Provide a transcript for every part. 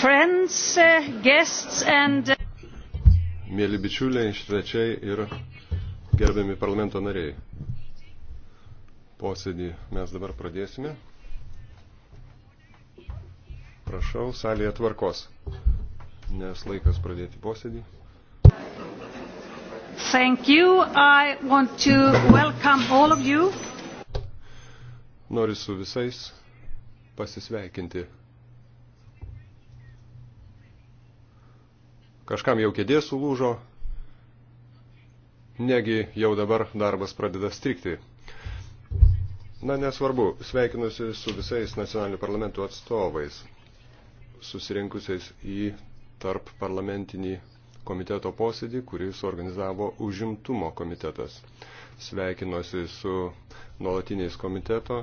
friends, uh, guests and... Uh, Mėly bičiuliai, svečiai ir gerbiami parlamento nariai. Posėdį mes dabar pradėsime. Prašau, salėje tvarkos, nes laikas pradėti posėdį. Thank you. I want to welcome all of you. Noriu su visais pasisveikinti kažkam jau kėdė sulūžo, negi jau dabar darbas pradeda strikti. Na, nesvarbu, sveikinusi su visais nacionalinių parlamentų atstovais, susirinkusiais į tarp parlamentinį komiteto posėdį, kurį suorganizavo užimtumo komitetas. Sveikinuosi su nuolatiniais komiteto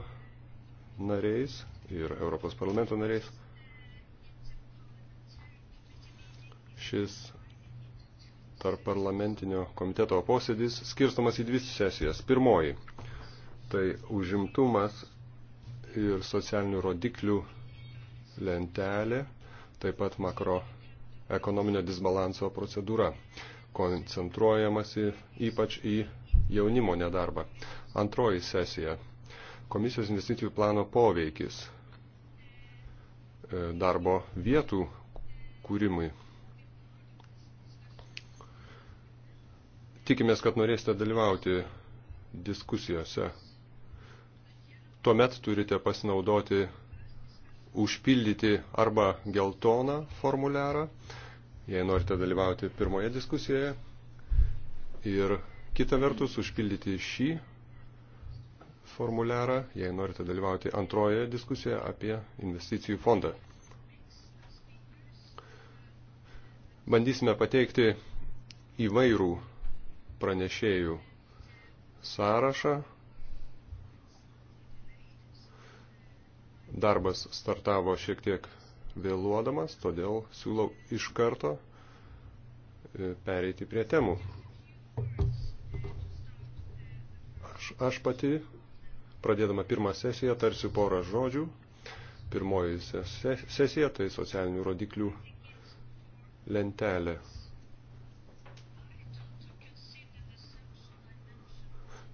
nariais ir Europos parlamento nariais. Šis tarp parlamentinio komiteto posėdis skirstamas į dvi sesijas. Pirmoji – tai užimtumas ir socialinių rodiklių lentelė, taip pat makroekonominio disbalanso procedūra, koncentruojamasi ypač į jaunimo nedarbą. Antroji sesija – komisijos investicijų plano poveikis e, darbo vietų kūrimui Tikimės, kad norėsite dalyvauti diskusijose. Tuomet turite pasinaudoti užpildyti arba geltoną formuliarą, jei norite dalyvauti pirmoje diskusijoje, ir kita vertus užpildyti šį formuliarą, jei norite dalyvauti antroje diskusijoje apie investicijų fondą. Bandysime pateikti įvairų pranešėjų sąrašą. Darbas startavo šiek tiek vėluodamas, todėl siūlau iš karto e, pereiti prie temų. Aš, aš pati, pradėdama pirmą sesiją, tarsiu porą žodžių. Pirmoji sesija tai socialinių rodiklių lentelė.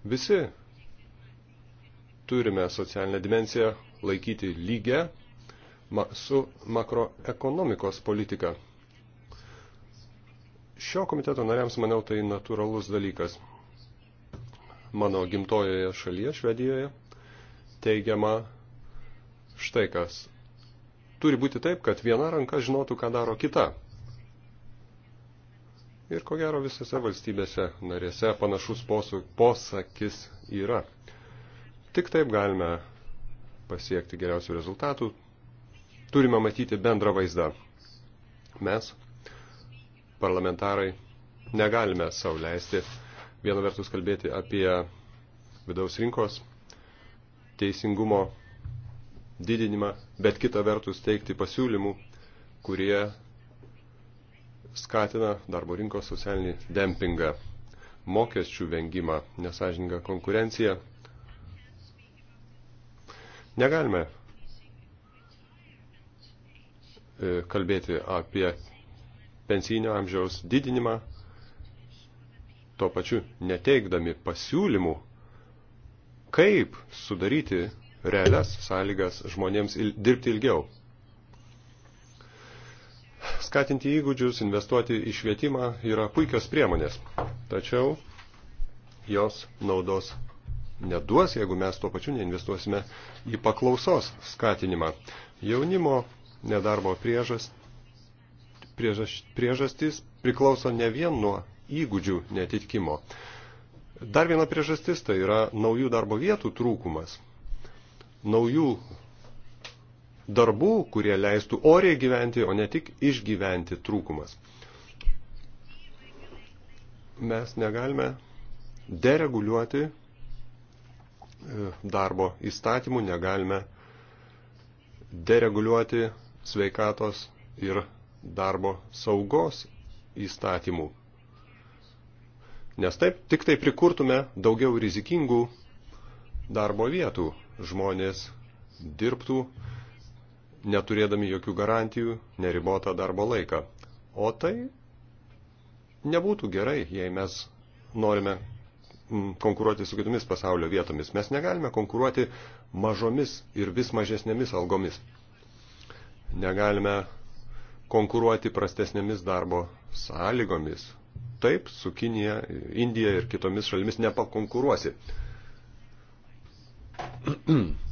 Visi turime socialinę dimenciją laikyti lygę su makroekonomikos politika. Šio komiteto nariams, maniau, tai natūralus dalykas. Mano gimtojoje šalyje, Švedijoje, teigiama štai kas. Turi būti taip, kad viena ranka žinotų, ką daro kita. Ir ko gero visose valstybėse narėse panašus posakis yra. Tik taip galime pasiekti geriausių rezultatų. Turime matyti bendrą vaizdą. Mes, parlamentarai, negalime sauliaisti vieną vertus kalbėti apie vidaus rinkos teisingumo didinimą, bet kitą vertus teikti pasiūlymų, kurie skatina darbo rinkos socialinį dempingą, mokesčių vengimą, nesažiningą konkurenciją. Negalime e, kalbėti apie pensijinio amžiaus didinimą, tuo pačiu neteikdami pasiūlymų, kaip sudaryti realias sąlygas žmonėms dirbti ilgiau skatinti įgūdžius, investuoti į švietimą yra puikios priemonės. Tačiau jos naudos neduos, jeigu mes tuo pačiu neinvestuosime į paklausos skatinimą. Jaunimo nedarbo priežast, priežast, priežastys priklauso ne vien nuo įgūdžių netitikimo. Dar viena priežastis tai yra naujų darbo vietų trūkumas. Naujų darbų, kurie leistų oriai gyventi, o ne tik išgyventi trūkumas. Mes negalime dereguliuoti e, darbo įstatymų, negalime dereguliuoti sveikatos ir darbo saugos įstatymų. Nes taip tik tai prikurtume daugiau rizikingų darbo vietų. Žmonės dirbtų neturėdami jokių garantijų, neribotą darbo laiką. O tai nebūtų gerai, jei mes norime mm, konkuruoti su kitomis pasaulio vietomis. Mes negalime konkuruoti mažomis ir vis mažesnėmis algomis. Negalime konkuruoti prastesnėmis darbo sąlygomis. Taip, su Kinija, Indija ir kitomis šalimis nepakonkuruosi.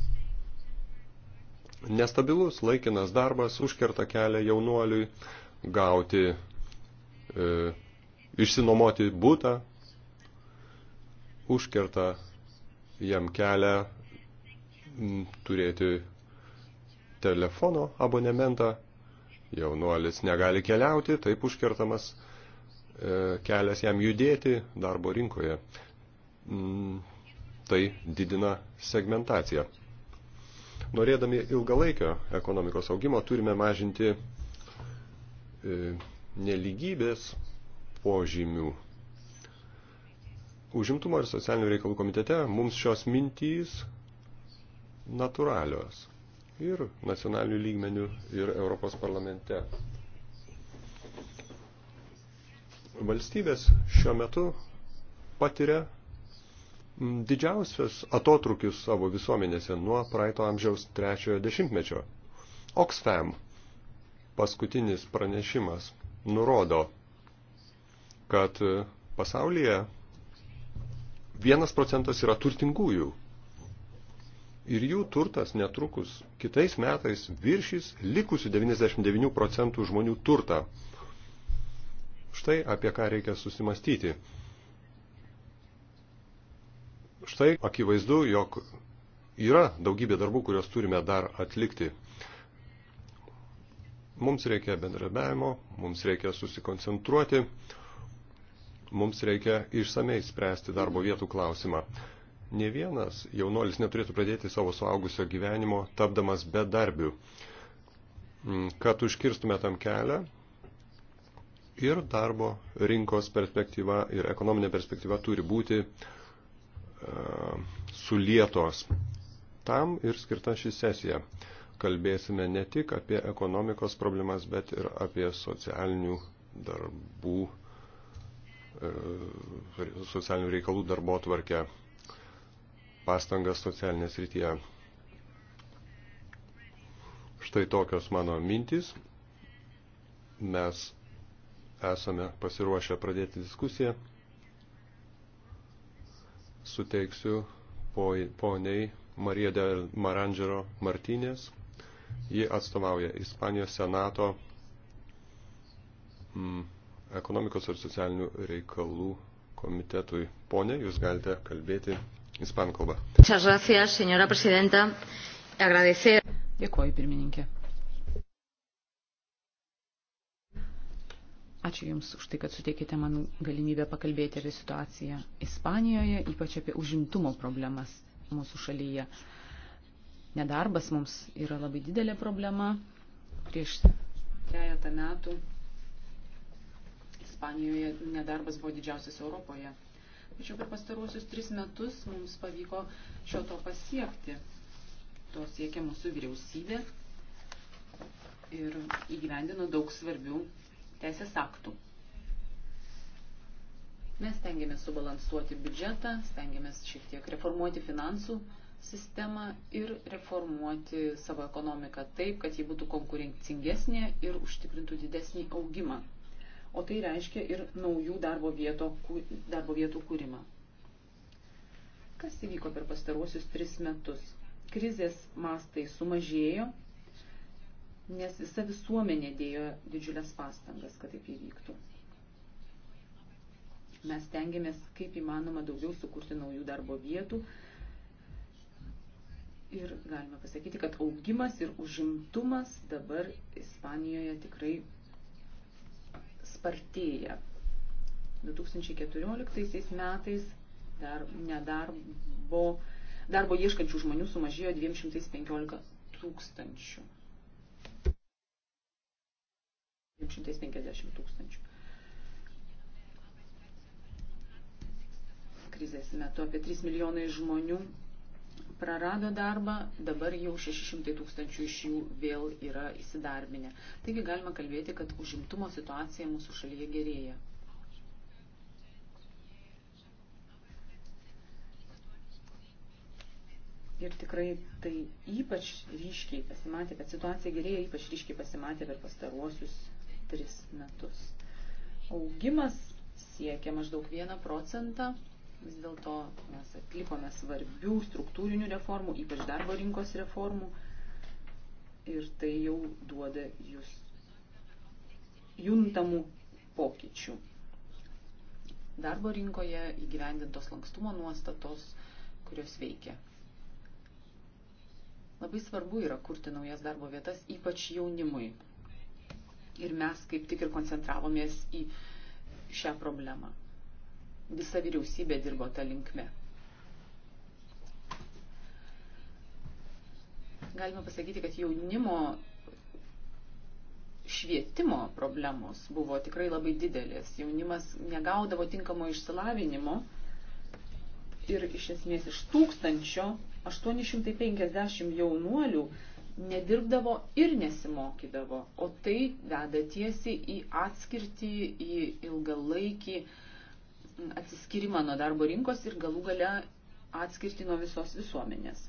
Nestabilus laikinas darbas užkerta kelią jaunuoliui gauti, e, išsinomoti būtą, užkerta jam kelią m, turėti telefono abonementą, jaunuolis negali keliauti, taip užkertamas e, kelias jam judėti darbo rinkoje. M, tai didina segmentaciją. Norėdami ilgalaikio ekonomikos augimo turime mažinti e, neligybės požymių. Užimtumo ir socialinių reikalų komitete mums šios mintys natūralios ir nacionalinių lygmenių ir Europos parlamente. Valstybės šiuo metu patiria didžiausias atotrukis savo visuomenėse nuo praeito amžiaus trečiojo dešimtmečio. Oxfam paskutinis pranešimas nurodo, kad pasaulyje vienas procentas yra turtingųjų ir jų turtas netrukus kitais metais viršys likusių 99 procentų žmonių turtą. Štai apie ką reikia susimastyti štai akivaizdu, jog yra daugybė darbų, kuriuos turime dar atlikti. Mums reikia bendrabiavimo, mums reikia susikoncentruoti, mums reikia išsamei spręsti darbo vietų klausimą. Ne vienas jaunolis neturėtų pradėti savo suaugusio gyvenimo tapdamas bedarbių. Mm, kad užkirstume tam kelią, ir darbo rinkos perspektyva, ir ekonominė perspektyva turi būti uh, sulietos. Tam ir skirta ši sesija. Kalbėsime ne tik apie ekonomikos problemas, bet ir apie socialinių darbų, e, socialinių reikalų darbo tvarkę, pastangas socialinės rytyje. Štai tokios mano mintys. Mes esame pasiruošę pradėti diskusiją suteiksiu poniai Marija del Marangero Martinės. Ji atstovauja Ispanijos senato mm, ekonomikos ir socialinių reikalų komitetui. Pone, jūs galite kalbėti ispanų kalbą. Dėkuoju, pirmininkė. Ačiū Jums už tai, kad suteikite man galimybę pakalbėti apie situaciją Ispanijoje, ypač apie užimtumo problemas mūsų šalyje. Nedarbas mums yra labai didelė problema. Prieš trejata metų Ispanijoje nedarbas buvo didžiausias Europoje. Tačiau per pastaruosius tris metus mums pavyko šio to pasiekti. To siekia mūsų vyriausybė ir įgyvendino daug svarbių teisės aktų. Mes stengiamės subalansuoti biudžetą, stengiamės šiek tiek reformuoti finansų sistemą ir reformuoti savo ekonomiką taip, kad ji būtų konkurencingesnė ir užtikrintų didesnį augimą. O tai reiškia ir naujų darbo, vieto, darbo vietų kūrimą. Kas įvyko per pastaruosius tris metus? Krizės mastai sumažėjo, nes visa visuomenė dėjo didžiulės pastangas, kad taip įvyktų. Mes tengiamės kaip įmanoma daugiau sukurti naujų darbo vietų ir galime pasakyti, kad augimas ir užimtumas dabar Ispanijoje tikrai spartėja. 2014 metais dar nedarbo, darbo ieškančių žmonių sumažėjo 215 tūkstančių. 750 tūkstančių. Krizės metu apie 3 milijonai žmonių prarado darbą, dabar jau 600 tūkstančių iš jų vėl yra įsidarbinę. Taigi galima kalbėti, kad užimtumo situacija mūsų šalyje gerėja. Ir tikrai tai ypač ryškiai pasimatė, kad situacija gerėja ypač ryškiai pasimatė per pastaruosius tris metus. Augimas siekia maždaug 1 procentą, vis dėlto mes atlikome svarbių struktūrinių reformų, ypač darbo rinkos reformų ir tai jau duoda jūs juntamų pokyčių. Darbo rinkoje įgyvendintos lankstumo nuostatos, kurios veikia. Labai svarbu yra kurti naujas darbo vietas, ypač jaunimui. Ir mes kaip tik ir koncentravomės į šią problemą. Visa vyriausybė dirbo tą linkme. Galima pasakyti, kad jaunimo švietimo problemos buvo tikrai labai didelės. Jaunimas negaudavo tinkamo išsilavinimo ir iš esmės iš tūkstančio 850 jaunuolių nedirbdavo ir nesimokydavo, o tai veda tiesiai į atskirtį, į ilgalaikį atsiskyrimą nuo darbo rinkos ir galų gale atskirtį nuo visos visuomenės.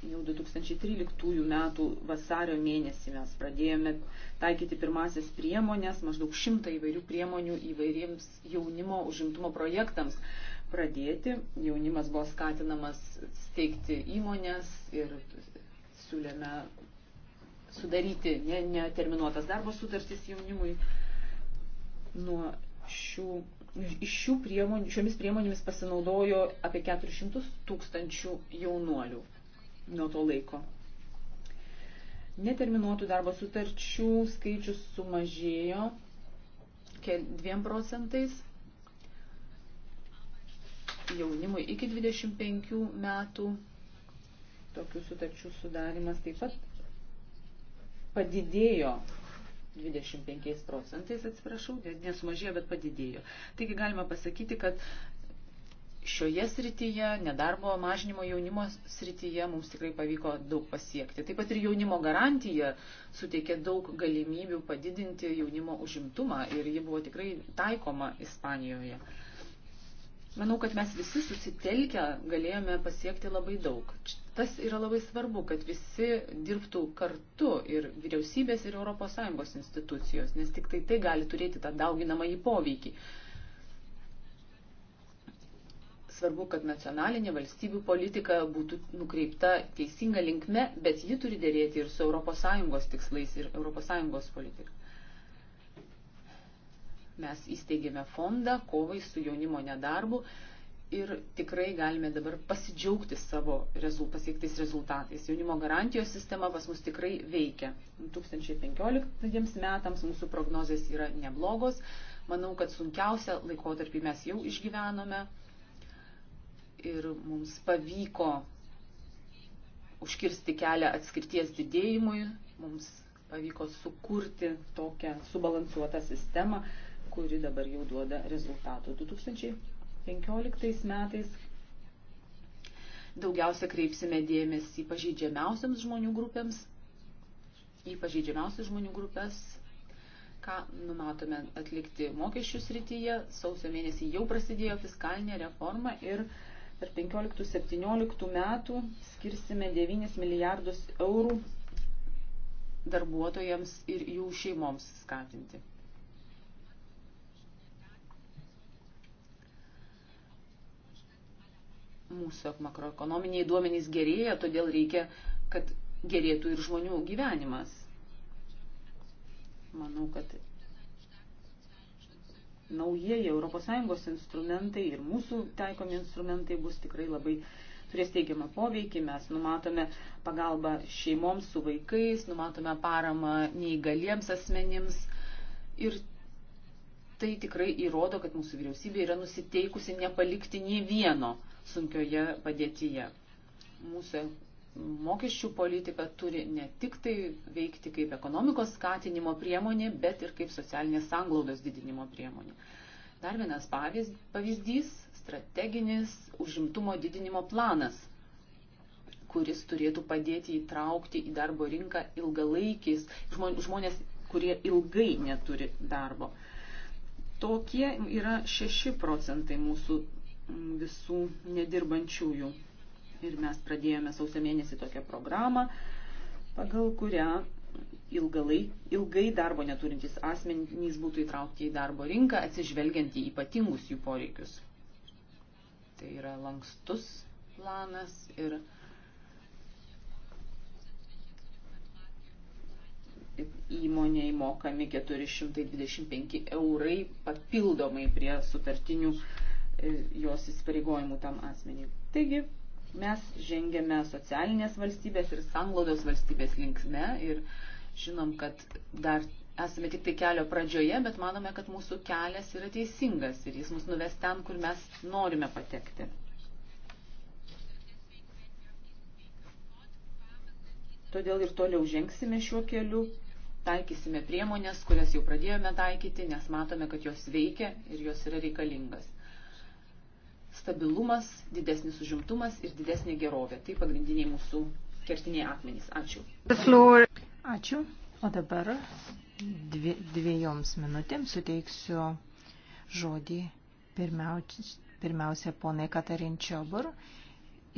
Jau 2013 metų vasario mėnesį mes pradėjome taikyti pirmasis priemonės, maždaug šimtą įvairių priemonių įvairiems jaunimo užimtumo projektams pradėti. Jaunimas buvo skatinamas steigti įmonės ir siūlėme sudaryti neterminuotas darbo sutartys jaunimui. Nuo šių, iš šių priemonių, šiomis priemonėmis pasinaudojo apie 400 tūkstančių jaunuolių nuo to laiko. Neterminuotų darbo sutarčių skaičius sumažėjo 2 procentais jaunimui iki 25 metų tokių sutarčių sudarimas taip pat padidėjo 25 procentais, atsiprašau, nesumažėjo, bet padidėjo. Taigi galima pasakyti, kad šioje srityje, nedarbo mažinimo jaunimo srityje mums tikrai pavyko daug pasiekti. Taip pat ir jaunimo garantija suteikė daug galimybių padidinti jaunimo užimtumą ir ji buvo tikrai taikoma Ispanijoje. Uh, Manau, kad mes visi susitelkę galėjome pasiekti labai daug. Tas yra labai svarbu, kad visi dirbtų kartu ir vyriausybės, ir ES institucijos, nes tik tai tai gali turėti tą dauginamąjį poveikį. Svarbu, kad nacionalinė valstybių politika būtų nukreipta teisinga linkme, bet ji turi dėrėti ir su ES tikslais ir ES politika. Mes įsteigėme fondą kovai su jaunimo nedarbu ir tikrai galime dabar pasidžiaugti savo rezult, pasiektais rezultatais. Jaunimo garantijos sistema pas mus tikrai veikia. 2015 metams mūsų prognozijas yra neblogos. Manau, kad sunkiausią laikotarpį mes jau išgyvenome ir mums pavyko užkirsti kelią atskirties didėjimui, mums pavyko sukurti tokią subalansuotą sistemą, kuri dabar jau duoda rezultatų. 2015 metais daugiausia kreipsime dėmesį pažeidžiamiausiams žmonių grupėms, į pažeidžiamiausias žmonių grupės, ką numatome atlikti mokesčių srityje. Sausio mėnesį jau prasidėjo fiskalinė reforma ir per 15-17 metų skirsime 9 milijardus eurų darbuotojams ir jų šeimoms skatinti. mūsų makroekonominiai duomenys gerėja, todėl reikia, kad gerėtų ir žmonių gyvenimas. Manau, kad naujieji ES instrumentai ir mūsų taikomi instrumentai bus tikrai labai turės teigiamą poveikį. Mes numatome pagalbą šeimoms su vaikais, numatome paramą neįgaliems asmenims ir tai tikrai įrodo, kad mūsų vyriausybė yra nusiteikusi nepalikti nei vieno sunkioje padėtyje. Mūsų mokesčių politika turi ne tik tai veikti kaip ekonomikos skatinimo priemonė, bet ir kaip socialinės sanglaudos didinimo priemonė. Dar vienas pavyzdys - strateginis užimtumo didinimo planas, kuris turėtų padėti įtraukti į darbo rinką ilgalaikiais žmonės, kurie ilgai neturi darbo. Tokie yra 6 procentai mūsų visų nedirbančiųjų. Ir mes pradėjome sausio mėnesį tokią programą, pagal kurią ilgalai, ilgai darbo neturintys asmenys būtų įtraukti į darbo rinką, atsižvelgiant į ypatingus jų poreikius. Tai yra lankstus planas ir įmoniai mokami 425 eurai papildomai prie sutartinių e, jos įsipareigojimų tam asmeniui. Taigi, mes žengėme socialinės valstybės ir sanglaudos valstybės linksme ir žinom, kad dar esame tik tai kelio pradžioje, bet manome, kad mūsų kelias yra teisingas ir jis mus nuves ten, kur mes norime patekti. Todėl ir toliau žengsime šiuo keliu, taikysime priemonės, kurias jau pradėjome taikyti, nes matome, kad jos veikia ir jos yra reikalingas. Stabilumas, didesnis užimtumas ir didesnė gerovė. Tai pagrindiniai mūsų kertiniai akmenys. Ačiū. Ačiū. O dabar dvi, dviejoms minutėms suteiksiu žodį pirmiausia, pirmiausia ponai Katarin Čiobur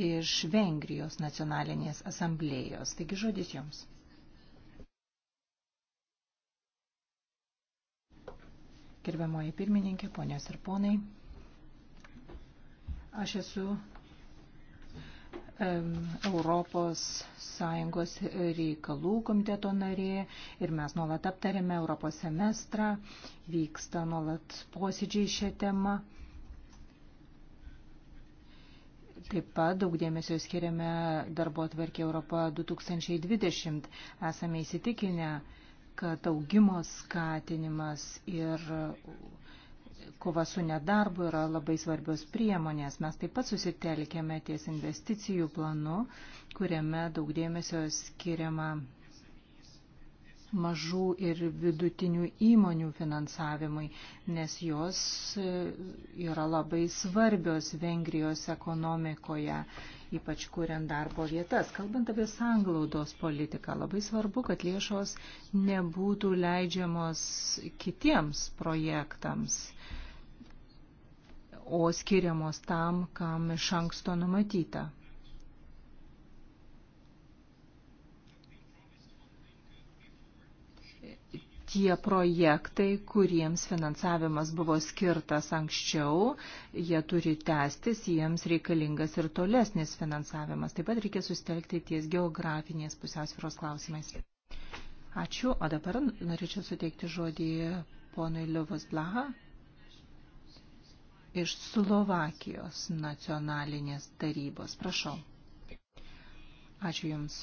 iš Vengrijos nacionalinės asamblėjos. Taigi žodis jums. Gerbiamoji pirmininkė, ponios ir ponai, aš esu Europos Sąjungos reikalų komiteto narė ir mes nuolat aptarėme Europos semestrą, vyksta nuolat posėdžiai šią temą. Taip pat daug dėmesio skiriame darbo atverkė Europą 2020. Esame įsitikinę, kad augimo skatinimas ir kova su nedarbu yra labai svarbios priemonės. Mes taip pat susitelkėme ties investicijų planu, kuriame daug dėmesio skiriama mažų ir vidutinių įmonių finansavimui, nes jos yra labai svarbios Vengrijos ekonomikoje ypač kuriant darbo vietas. Kalbant apie sanglaudos politiką, labai svarbu, kad lėšos nebūtų leidžiamos kitiems projektams, o skiriamos tam, kam iš anksto numatyta. tie projektai, kuriems finansavimas buvo skirtas anksčiau, jie turi tęstis, jiems reikalingas ir tolesnis finansavimas. Taip pat reikia sustelkti ties geografinės pusiausvėros klausimais. Ačiū, o dabar norėčiau suteikti žodį ponui Liuvas Blaha iš Slovakijos nacionalinės tarybos. Prašau. Ačiū Jums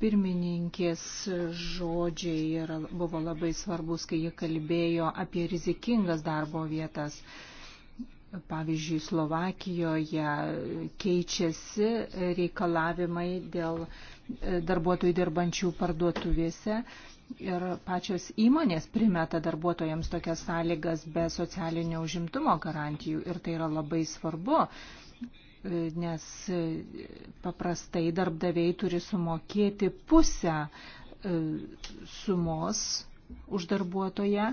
pirmininkės žodžiai yra, buvo labai svarbus, kai jie kalbėjo apie rizikingas darbo vietas. Pavyzdžiui, Slovakijoje keičiasi reikalavimai dėl e, darbuotojų dirbančių parduotuvėse ir pačios įmonės primeta darbuotojams tokias sąlygas be socialinio užimtumo garantijų ir tai yra labai svarbu nes paprastai darbdaviai turi sumokėti pusę e, sumos už darbuotoją.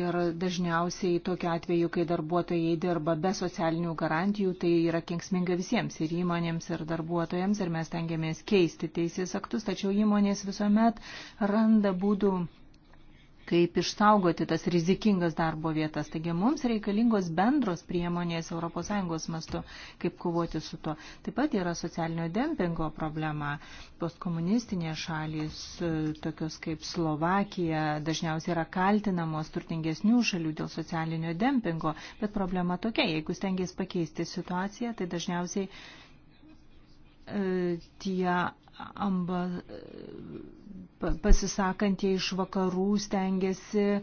Ir dažniausiai tokiu atveju, kai darbuotojai dirba be socialinių garantijų, tai yra kengsminga visiems ir įmonėms, ir darbuotojams, ir mes tengiamės keisti teisės aktus, tačiau įmonės visuomet randa būdų kaip išsaugoti tas rizikingas darbo vietas. Taigi mums reikalingos bendros priemonės ES mastu, kaip kovoti su tuo. Taip pat yra socialinio dempingo problema. Postkomunistinės šalys, e, tokios kaip Slovakija, dažniausiai yra kaltinamos turtingesnių šalių dėl socialinio dempingo, bet problema tokia, jeigu stengiasi pakeisti situaciją, tai dažniausiai e, tie amba, pasisakantie iš vakarų stengiasi e,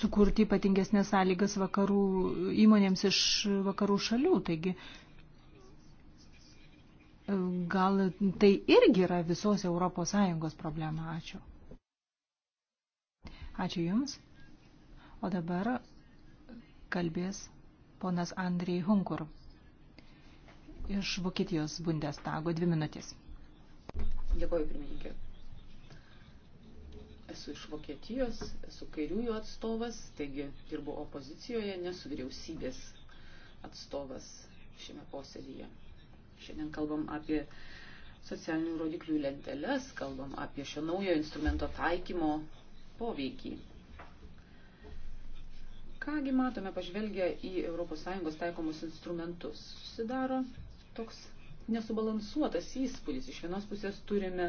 sukurti ypatingesnės sąlygas vakarų įmonėms iš vakarų šalių. Taigi e, gal tai irgi yra visos ES problema. Ačiū. Ačiū Jums. O dabar kalbės ponas Andrei Hunkur iš Vokietijos Bundestago dvi minutės. Dėkoju, pirmininkė. Esu iš Vokietijos, esu kairiųjų atstovas, taigi dirbu opozicijoje, nesu vyriausybės atstovas šiame posėdyje. Šiandien kalbam apie socialinių rodiklių lenteles, kalbam apie šio naujo instrumento taikymo poveikį. Kągi matome pažvelgę į ES taikomus instrumentus. Susidaro toks nesubalansuotas įspūdis. Iš vienos pusės turime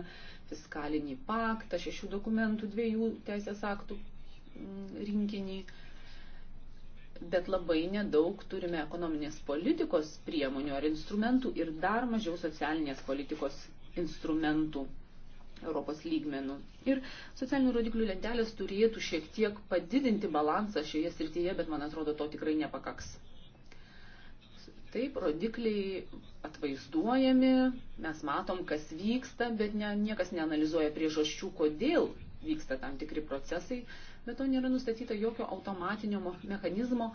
fiskalinį paktą, šešių dokumentų, dviejų teisės aktų mm, rinkinį, bet labai nedaug turime ekonominės politikos priemonių ar instrumentų ir dar mažiau socialinės politikos instrumentų Europos lygmenų. Ir socialinių rodiklių lentelės turėtų šiek tiek padidinti balansą šioje srityje, bet man atrodo, to tikrai nepakaks. Taip, rodikliai atvaizduojami, mes matom, kas vyksta, bet ne, niekas neanalizuoja priežasčių, kodėl vyksta tam tikri procesai, bet to nėra nustatyta jokio automatinio mechanizmo,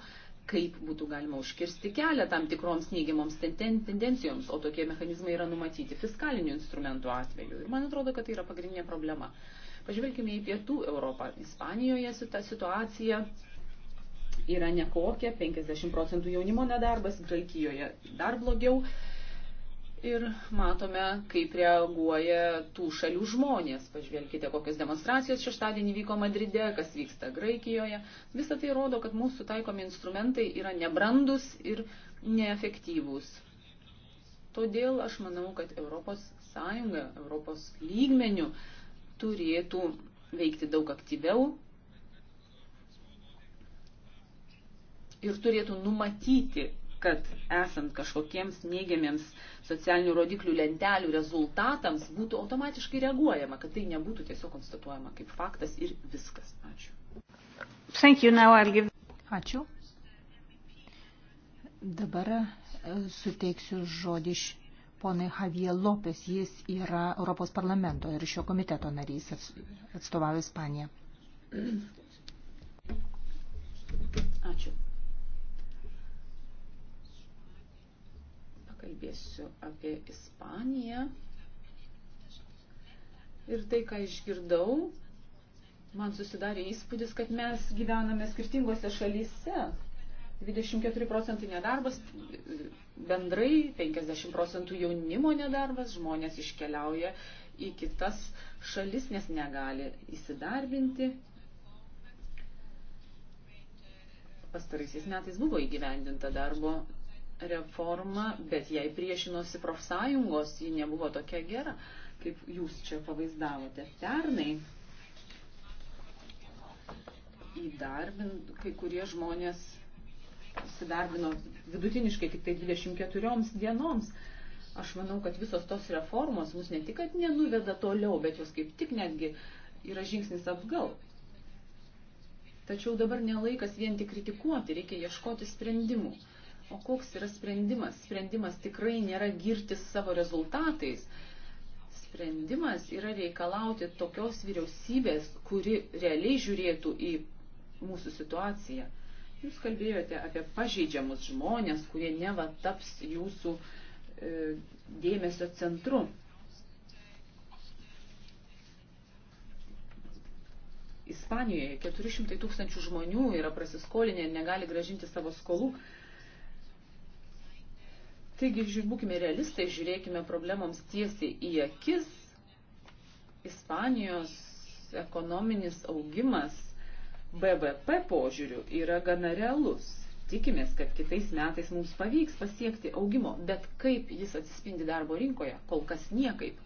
kaip būtų galima užkirsti kelią tam tikroms neigiamoms tendencijoms, o tokie mechanizmai yra numatyti fiskalinių instrumentų atveju. Ir man atrodo, kad tai yra pagrindinė problema. Pažvelkime į pietų Europą. Ispanijoje ta situacija yra nekokia, 50 procentų jaunimo nedarbas, Graikijoje dar blogiau. Ir matome, kaip reaguoja tų šalių žmonės. Pažvelkite, kokios demonstracijos šeštadienį vyko Madride, kas vyksta Graikijoje. Visą tai rodo, kad mūsų taikomi instrumentai yra nebrandus ir neefektyvūs. Todėl aš manau, kad Europos Sąjunga, Europos lygmenių turėtų veikti daug aktyviau, ir turėtų numatyti, kad esant kažkokiems neigiamiems socialinių rodiklių lentelių rezultatams būtų automatiškai reaguojama, kad tai nebūtų tiesiog konstatuojama kaip faktas ir viskas. Ačiū. Thank you, now I'll give... Ačiū. Dabar e, suteiksiu žodį iš ponai Javier Lopes. Jis yra Europos parlamento ir šio komiteto narys atstovauja Ispaniją. Ačiū. kalbėsiu apie Ispaniją. Ir tai, ką išgirdau, man susidarė įspūdis, kad mes gyvename skirtingose šalyse. 24 procentai nedarbas, bendrai 50 procentų jaunimo nedarbas, žmonės iškeliauja į kitas šalis, nes negali įsidarbinti. Pastaraisiais metais buvo įgyvendinta darbo reforma, bet jai priešinosi profsąjungos, ji nebuvo tokia gera, kaip jūs čia pavaizdavote. Pernai įdarbint, kai kurie žmonės įsidarbino vidutiniškai tik tai 24 dienoms. Aš manau, kad visos tos reformos mus ne tik, kad nenuveda toliau, bet jos kaip tik netgi yra žingsnis atgal. Tačiau dabar nelaikas vien tik kritikuoti, reikia ieškoti sprendimų. O koks yra sprendimas? Sprendimas tikrai nėra girtis savo rezultatais. Sprendimas yra reikalauti tokios vyriausybės, kuri realiai žiūrėtų į mūsų situaciją. Jūs kalbėjote apie pažeidžiamus žmonės, kurie neva taps jūsų e, dėmesio centru. Ispanijoje 400 tūkstančių žmonių yra prasiskolinę ir negali gražinti savo skolų. Taigi, būkime realistai, žiūrėkime problemoms tiesiai į akis. Ispanijos ekonominis augimas BVP požiūriu yra gana realus. Tikimės, kad kitais metais mums pavyks pasiekti augimo, bet kaip jis atsispindi darbo rinkoje, kol kas niekaip.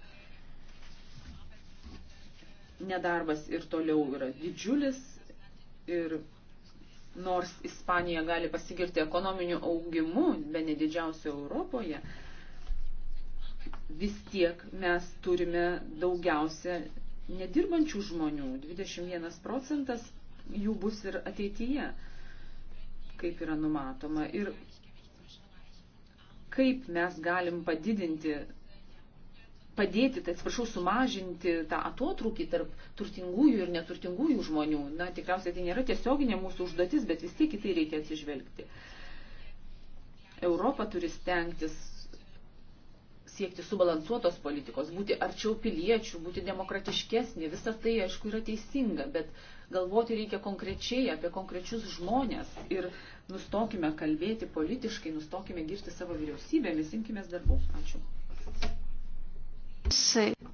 Nedarbas ir toliau yra didžiulis ir nors Ispanija gali pasigirti ekonominiu augimu, be nedidžiausio Europoje, vis tiek mes turime daugiausia nedirbančių žmonių, 21 procentas jų bus ir ateityje, kaip yra numatoma. Ir kaip mes galim padidinti padėti, tai atsiprašau, sumažinti tą atotrūkį tarp turtingųjų ir neturtingųjų žmonių. Na, tikriausiai tai nėra tiesioginė mūsų užduotis, bet vis tiek į tai reikia atsižvelgti. Europa turi stengtis siekti subalansuotos politikos, būti arčiau piliečių, būti demokratiškesnė. Visas tai, aišku, yra teisinga, bet galvoti reikia konkrečiai apie konkrečius žmonės ir nustokime kalbėti politiškai, nustokime girti savo vyriausybėmis, imkime darbų. Ačiū.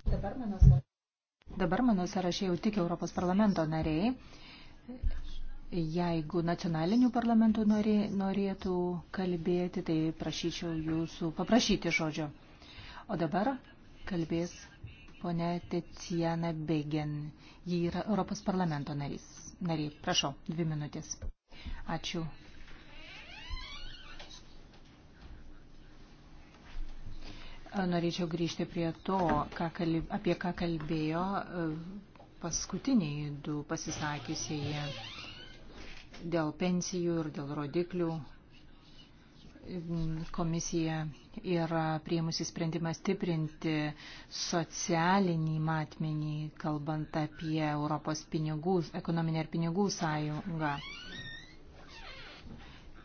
Dabar mano, dabar mano sąrašė jau tik Europos parlamento nariai. Jeigu nacionalinių parlamentų norė, norėtų kalbėti, tai prašyčiau jūsų paprašyti žodžio. O dabar kalbės ponia Tetjana Begen. Ji yra Europos parlamento narys. Nariai, prašau, dvi minutės. Ačiū, Norėčiau grįžti prie to, ką kalb, apie ką kalbėjo e, paskutiniai du pasisakysieji dėl pensijų ir dėl rodiklių. Komisija yra prieimusi sprendimą stiprinti socialinį matmenį, kalbant apie Europos pinigų, ekonominę ir pinigų sąjungą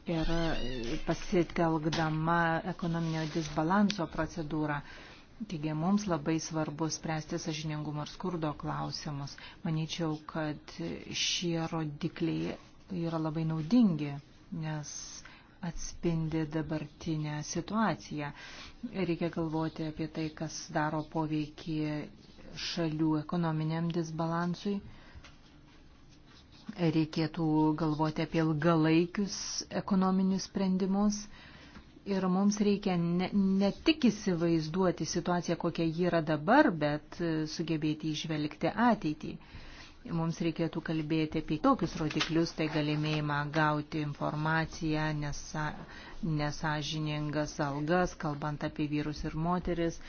ir pasitelkdama ekonominio disbalanso procedūrą. Taigi mums labai svarbu spręsti sažiningumo ir skurdo klausimus. Manyčiau, kad šie rodikliai yra labai naudingi, nes atspindi dabartinę situaciją. Reikia galvoti apie tai, kas daro poveikį šalių ekonominiam disbalansui reikėtų galvoti apie ilgalaikius ekonominius sprendimus. Ir mums reikia ne, ne tik įsivaizduoti situaciją, kokia ji yra dabar, bet e, sugebėti išvelgti ateitį. Mums reikėtų kalbėti apie tokius rodiklius, tai galimėjimą gauti informaciją, nesa, nesažiningas algas, kalbant apie vyrus ir moteris,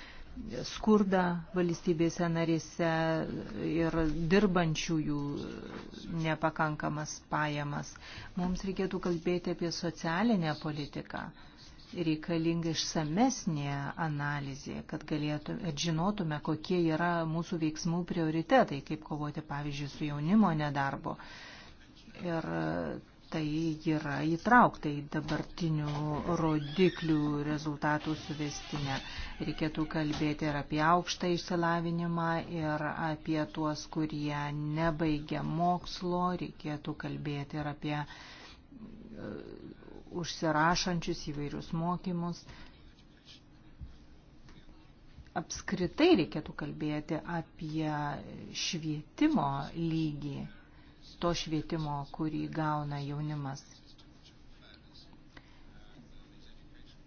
skurdą valstybėse narėse ir dirbančiųjų nepakankamas pajamas. Mums reikėtų kalbėti apie socialinę politiką. Reikalinga išsamesnė analizė, kad galėtume, kad žinotume, kokie yra mūsų veiksmų prioritetai, kaip kovoti, pavyzdžiui, su jaunimo nedarbo. Ir tai yra įtraukta į dabartinių rodiklių rezultatų suvestinę. Reikėtų kalbėti ir apie aukštą išsilavinimą, ir apie tuos, kurie nebaigia mokslo, reikėtų kalbėti ir apie e, užsirašančius įvairius mokymus. Apskritai reikėtų kalbėti apie švietimo lygį to švietimo, kurį gauna jaunimas.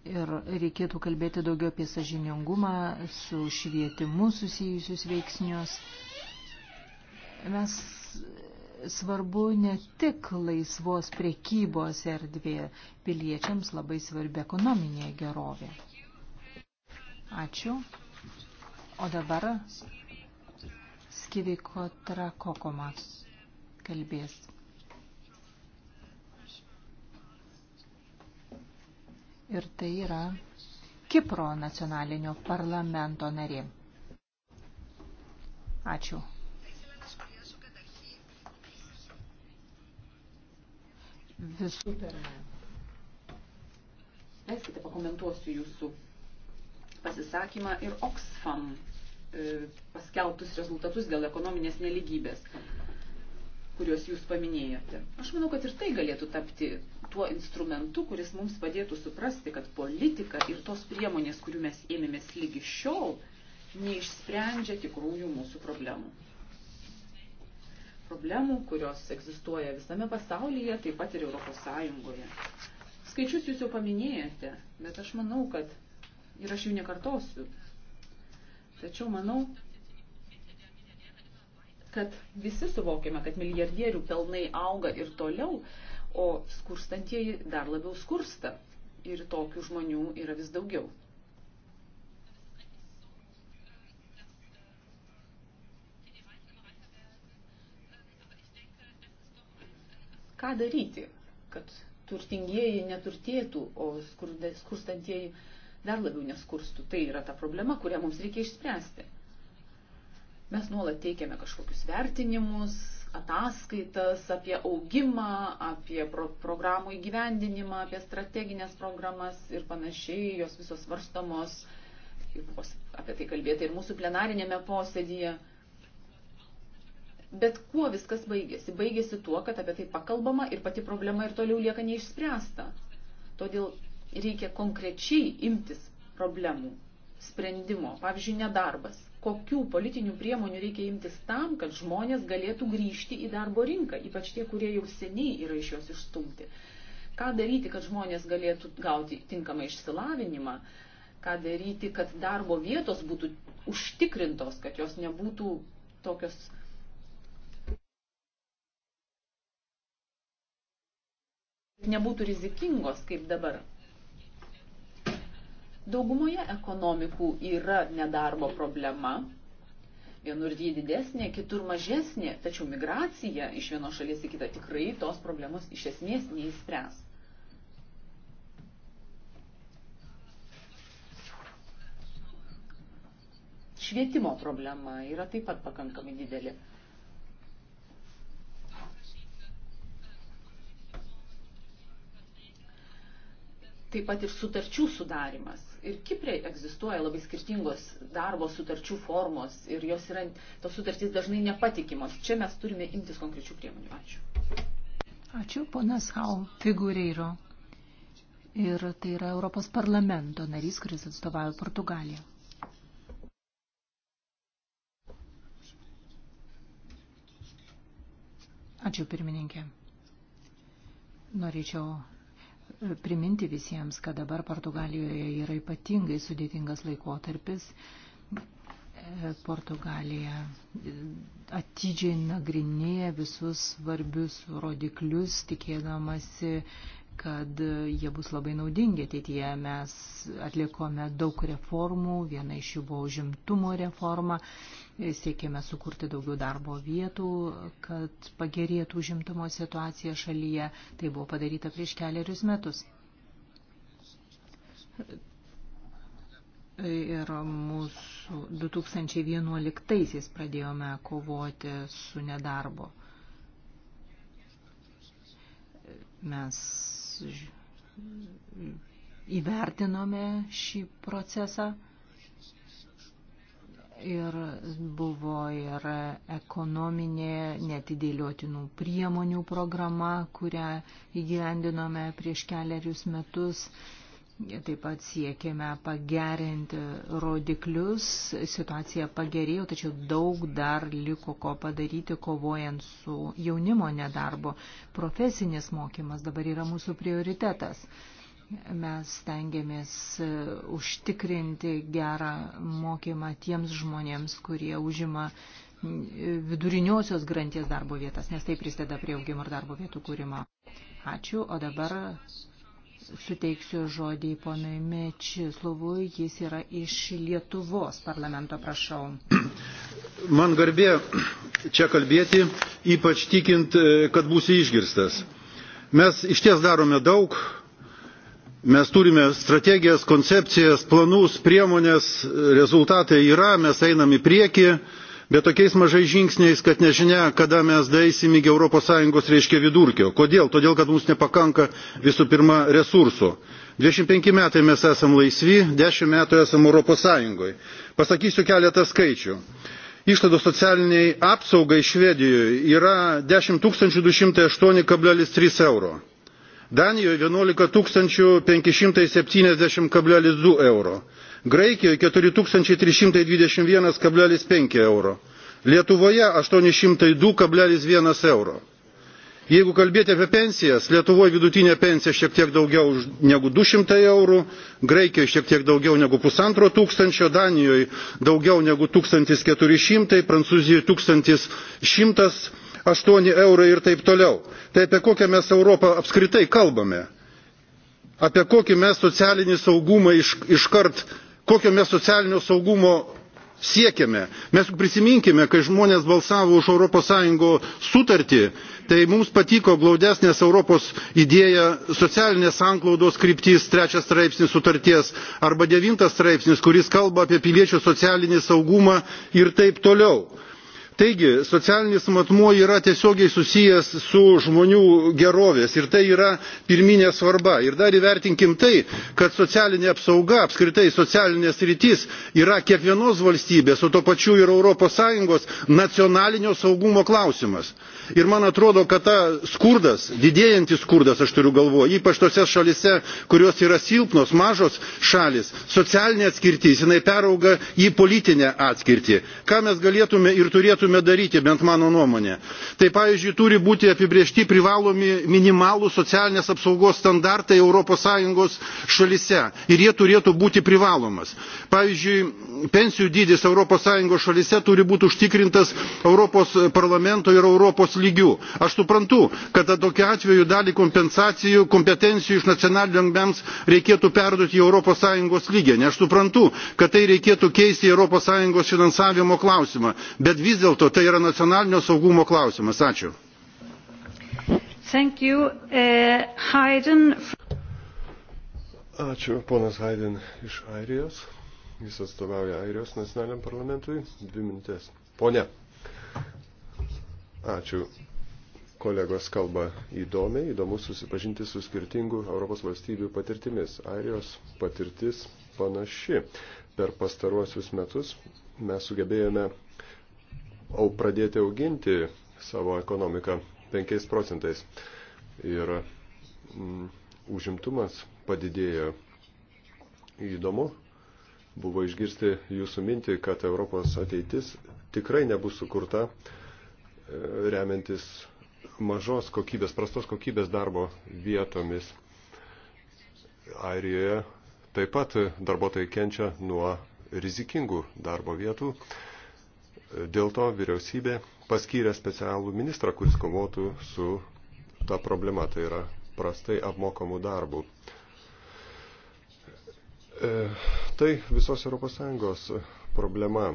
Ir reikėtų kalbėti daugiau apie sažiningumą, su švietimu susijusius veiksnius. Mes svarbu ne tik laisvos priekybos erdvė, piliečiams labai svarbi ekonominė gerovė. Ačiū. O dabar Skiviko Trakokoma kalbės. Ir tai yra Kipro nacionalinio parlamento narė. Ačiū. Visų pirma. Leiskite pakomentuosiu jūsų pasisakymą ir Oxfam e, paskelbtus rezultatus dėl ekonominės neligybės kuriuos jūs paminėjote. Aš manau, kad ir tai galėtų tapti tuo instrumentu, kuris mums padėtų suprasti, kad politika ir tos priemonės, kurių mes ėmėmės lygi šiol, neišsprendžia tikrųjų mūsų problemų. Problemų, kurios egzistuoja visame pasaulyje, taip pat ir Europos Sąjungoje. Skaičius jūs jau paminėjote, bet aš manau, kad ir aš jų nekartosiu. Tačiau manau, kad visi suvokiame, kad milijardierių pelnai auga ir toliau, o skurstantieji dar labiau skursta. Ir tokių žmonių yra vis daugiau. Ką daryti, kad turtingieji neturtėtų, o skurdė, skurstantieji dar labiau neskurstų? Tai yra ta problema, kurią mums reikia išspręsti. Mes nuolat teikiame kažkokius vertinimus, ataskaitas apie augimą, apie pro programų įgyvendinimą, apie strateginės programas ir panašiai, jos visos svarstamos. Apie tai kalbėta ir mūsų plenarinėme posėdėje. Bet kuo viskas baigėsi? Baigėsi tuo, kad apie tai pakalbama ir pati problema ir toliau lieka neišspręsta. Todėl reikia konkrečiai imtis problemų sprendimo. Pavyzdžiui, nedarbas kokių politinių priemonių reikia imtis tam, kad žmonės galėtų grįžti į darbo rinką, ypač tie, kurie jau seniai yra iš jos išstumti. Ką daryti, kad žmonės galėtų gauti tinkamą išsilavinimą, ką daryti, kad darbo vietos būtų užtikrintos, kad jos nebūtų tokios. nebūtų rizikingos kaip dabar. Daugumoje ekonomikų yra nedarbo problema. Vienur jį didesnė, kitur mažesnė, tačiau migracija iš vienos šalies į kitą tikrai tos problemos iš esmės neįspręs. Švietimo problema yra taip pat pakankamai didelė. taip pat ir sutarčių sudarimas. Ir Kiprė egzistuoja labai skirtingos darbo sutarčių formos ir jos yra, tos sutartys dažnai nepatikimos. Čia mes turime imtis konkrečių priemonių. Ačiū. Ačiū, ponas Hau Figureiro. Ir tai yra Europos parlamento narys, kuris atstovauja Portugaliją. Ačiū pirmininkė. Norėčiau priminti visiems, kad dabar Portugalijoje yra ypatingai sudėtingas laikotarpis. E, Portugalija e, atidžiai nagrinėja visus svarbius rodiklius, tikėdamasi kad jie bus labai naudingi ateityje. Mes atlikome daug reformų, viena iš jų buvo užimtumo reforma, siekėme sukurti daugiau darbo vietų, kad pagerėtų užimtumo situacija šalyje. Tai buvo padaryta prieš keliarius metus. Ir mūsų 2011-aisiais pradėjome kovoti su nedarbo. Mes įvertinome šį procesą ir buvo ir ekonominė netidėliotinų priemonių programa, kurią įgyvendinome prieš keliarius metus. Taip pat siekėme pagerinti rodiklius, situacija pagerėjo, tačiau daug dar liko ko padaryti, kovojant su jaunimo nedarbo. Profesinis mokymas dabar yra mūsų prioritetas. Mes stengiamės e, užtikrinti gerą mokymą tiems žmonėms, kurie užima e, viduriniosios granties darbo vietas, nes tai prisideda prie augimo ir darbo vietų kūrimo. Ačiū, o dabar suteiksiu žodį ponui Mečislovui, jis yra iš Lietuvos parlamento, prašau. Man garbė čia kalbėti, ypač tikint, e, kad būsiu išgirstas. Mes iš ties darome daug, mes turime strategijas, koncepcijas, planus, priemonės, rezultatai yra, mes einam į priekį bet tokiais mažais žingsniais kad nežinia kada mes daeisim iki europos sąjungos reiškia vidurkio. kodėl? todėl kad mums nepakanka visų pirma resursų. dvidešimt penki metai mes esame laisvi dešimt metų esame europos sąjungoje. pasakysiu keletą skaičių. išlaidos socialiniai apsaugai švedijoje yra dešimt du šimtai aštuoni trys euro danijoje vienuolika penki šimtai septyniasdešimt du euro graikijoje keturi tūkstančiai dvidešimt vienas penki euro lietuvoje aštuoni šimtai du vienas euro. jeigu kalbėti apie pensijas lietuvoje vidutinė pensija šiek tiek daugiau negu du šimtai eurų graikijoje šiek tiek daugiau negu pusantro tūkstančio danijoje daugiau negu tūkstantis keturi šimtai prancūzijoje tūkstantis šimtas aštuoni eurai ir taip toliau. tai apie kokią mes europą apskritai kalbame? apie kokį mes socialinį saugumą iškart iš kokio mes socialinio saugumo siekiame. Mes prisiminkime, kai žmonės balsavo už ES sutartį, tai mums patiko glaudesnės Europos idėja socialinės sanklaudos kryptis, trečias straipsnis sutarties arba devintas straipsnis, kuris kalba apie piliečių socialinį saugumą ir taip toliau. Taigi, socialinis matmuo yra tiesiogiai susijęs su žmonių gerovės ir tai yra pirminė svarba. Ir dar įvertinkim tai, kad socialinė apsauga, apskritai socialinės rytis yra kiekvienos valstybės, o to pačiu ir ES nacionalinio saugumo klausimas ir man atrodo kad tas skurdas didėjantis skurdas aš turiu galvoje ypač tose šalyse kurios yra silpnos mažos šalys socialinė atskirtis jinai perauga į politinę atskirtį. ką mes galėtume ir turėtume daryti bent mano nuomone tai pavyzdžiui turi būti apibrėžti privalomi minimalūs socialinės apsaugos standartai europos sąjungos šalyse ir jie turėtų būti privalomas. pavyzdžiui pensijų dydis europos sąjungos šalyse turi būti užtikrintas europos parlamento ir europos lygių. Aš suprantu, kad tokiu atveju dalį kompensacijų, kompetencijų iš nacionalinių lygmens reikėtų perduoti į ES lygį. Aš suprantu, kad tai reikėtų keisti į ES finansavimo klausimą, bet vis dėlto tai yra nacionalinio saugumo klausimas. Ačiū. Thank you. Uh, Haydn. Ačiū, ponas Haydn iš Airijos. Jis atstovauja Airijos nacionaliniam parlamentui. Dvi minutės. Pone. Ačiū. Kolegos kalba įdomiai, įdomu susipažinti su skirtingų Europos valstybių patirtimis. Airijos patirtis panaši. Per pastaruosius metus mes sugebėjome au pradėti auginti savo ekonomiką 5 procentais. Ir mm, užimtumas padidėjo. Įdomu buvo išgirsti jūsų mintį, kad Europos ateitis tikrai nebus sukurta remiantis mažos kokybės, prastos kokybės darbo vietomis. Airijoje taip pat darbuotojai kenčia nuo rizikingų darbo vietų. Dėl to vyriausybė paskyrė specialų ministrą, kuris kovotų su ta problema, tai yra prastai apmokamų darbų. E, tai visos ES problema.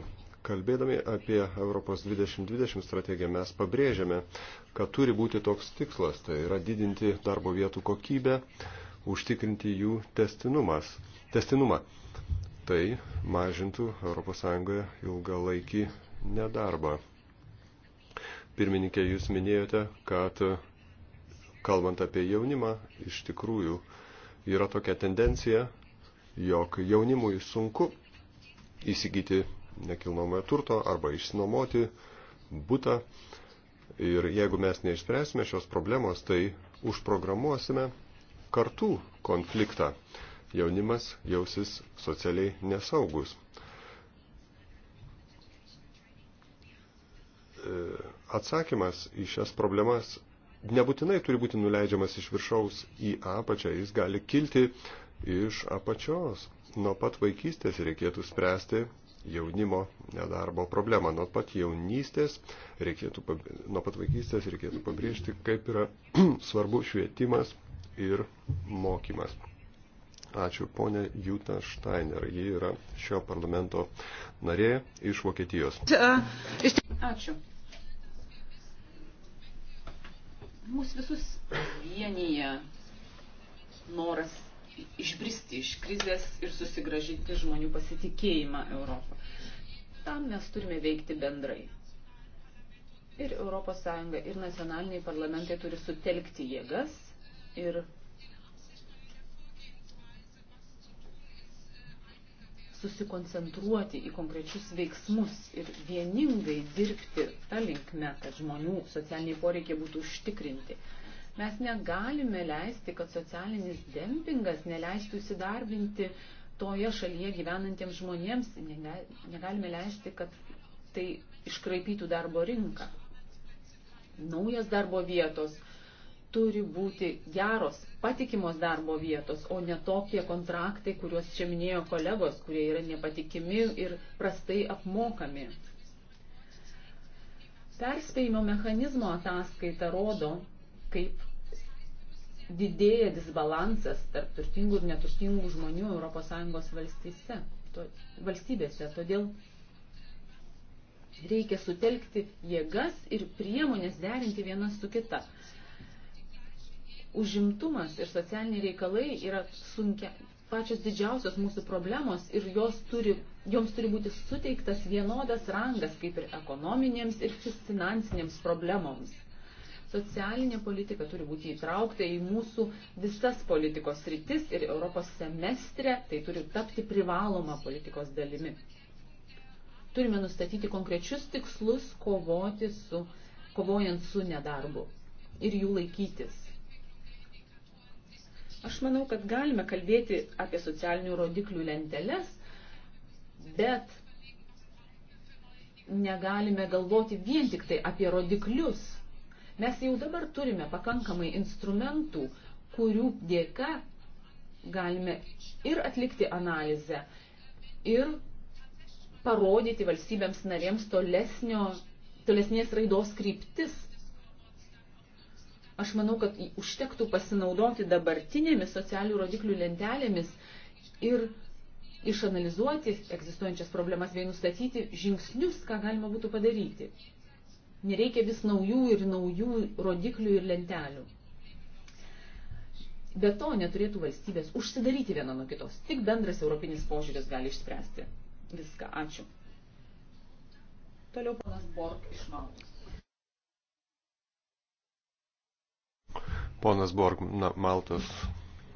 Kalbėdami apie Europos 2020 strategiją mes pabrėžiame, kad turi būti toks tikslas, tai yra didinti darbo vietų kokybę, užtikrinti jų testinumas, testinumą. Tai mažintų ES ilgalaikį nedarbą. Pirmininkė, jūs minėjote, kad kalbant apie jaunimą, iš tikrųjų yra tokia tendencija, jog jaunimui sunku įsigyti nekilnomojo turto arba išsinuomoti būtą. Ir jeigu mes neišspręsime šios problemos, tai užprogramuosime kartų konfliktą. Jaunimas jausis socialiai nesaugus. E, atsakymas į šias problemas nebūtinai turi būti nuleidžiamas iš viršaus į apačią, jis gali kilti iš apačios. Nuo pat vaikystės reikėtų spręsti jaunimo nedarbo problemą. Nuo pat jaunystės, reikėtų, nuo pat vaikystės reikėtų pabrėžti, kaip yra svarbu švietimas ir mokymas. Ačiū ponė Jūta Steiner. Ji yra šio parlamento narė iš Vokietijos. Ačiū. Mūsų visus vienyje noras išbristi iš krizės ir susigražinti žmonių pasitikėjimą Europą. Tam mes turime veikti bendrai. Ir ES ir nacionaliniai parlamentai turi sutelkti jėgas ir susikoncentruoti į konkrečius veiksmus ir vieningai dirbti tą linkme, kad žmonių socialiniai poreikiai būtų užtikrinti. Mes negalime leisti, kad socialinis dempingas neleistų įsidarbinti toje šalyje gyvenantiems žmonėms, negalime leisti, kad tai iškraipytų darbo rinką. Naujas darbo vietos turi būti geros, patikimos darbo vietos, o ne tokie kontraktai, kuriuos čia minėjo kolegos, kurie yra nepatikimi ir prastai apmokami. Perspėjimo mechanizmo ataskaita rodo, kaip didėja disbalansas tarp turtingų ir neturtingų žmonių ES valstyse, to, valstybėse. Todėl reikia sutelkti jėgas ir priemonės derinti vienas su kita. Užimtumas ir socialiniai reikalai yra sunkia, pačios didžiausios mūsų problemos ir jos turi, joms turi būti suteiktas vienodas rangas kaip ir ekonominėms ir finansinėms problemoms. Socialinė politika turi būti įtraukta į mūsų visas politikos rytis ir Europos semestre tai turi tapti privaloma politikos dalimi. Turime nustatyti konkrečius tikslus kovoti su, kovojant su nedarbu ir jų laikytis. Aš manau, kad galime kalbėti apie socialinių rodiklių lenteles, bet negalime galvoti vien tik tai apie rodiklius. Mes jau dabar turime pakankamai instrumentų, kurių dėka galime ir atlikti analizę, ir parodyti valstybėms narėms tolesnio, tolesnės raidos kryptis. Aš manau, kad užtektų pasinaudoti dabartinėmis socialinių rodiklių lentelėmis ir išanalizuoti egzistuojančias problemas bei nustatyti žingsnius, ką galima būtų padaryti. Nereikia vis naujų ir naujų rodiklių ir lentelių. Be to neturėtų valstybės užsidaryti viena nuo kitos. Tik bendras europinis požiūris gali išspręsti viską. Ačiū. Toliau panas Borg iš Maltos. Ponas Borg, na, Maltos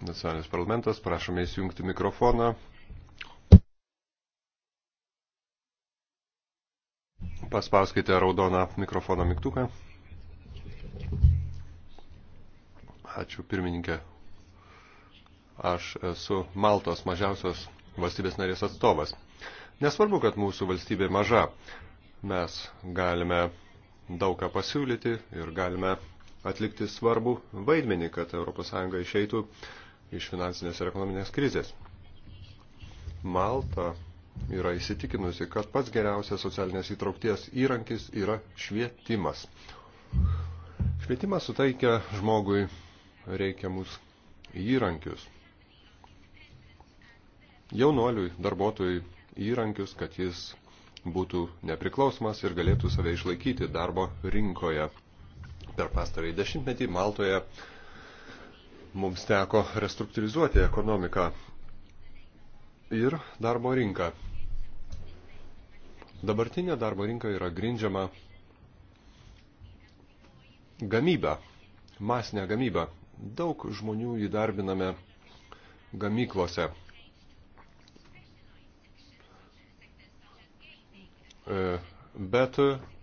nacionalinis parlamentas, prašome įsijungti mikrofoną. Paspauskite raudoną mikrofono mygtuką. Ačiū pirmininkė. Aš esu Maltos mažiausios valstybės narės atstovas. Nesvarbu, kad mūsų valstybė maža. Mes galime daug ką pasiūlyti ir galime atlikti svarbų vaidmenį, kad ES išeitų iš finansinės ir ekonominės krizės. Malta yra įsitikinusi, kad pats geriausias socialinės įtraukties įrankis yra švietimas. Švietimas suteikia žmogui reikiamus įrankius. Jaunuoliui, darbuotojui įrankius, kad jis būtų nepriklausomas ir galėtų save išlaikyti darbo rinkoje. Per pastarąjį dešimtmetį Maltoje mums teko restruktūrizuoti ekonomiką ir darbo rinką. Dabartinė darbo rinka yra grindžiama gamyba, masinė gamyba. Daug žmonių įdarbiname gamyklose. E, bet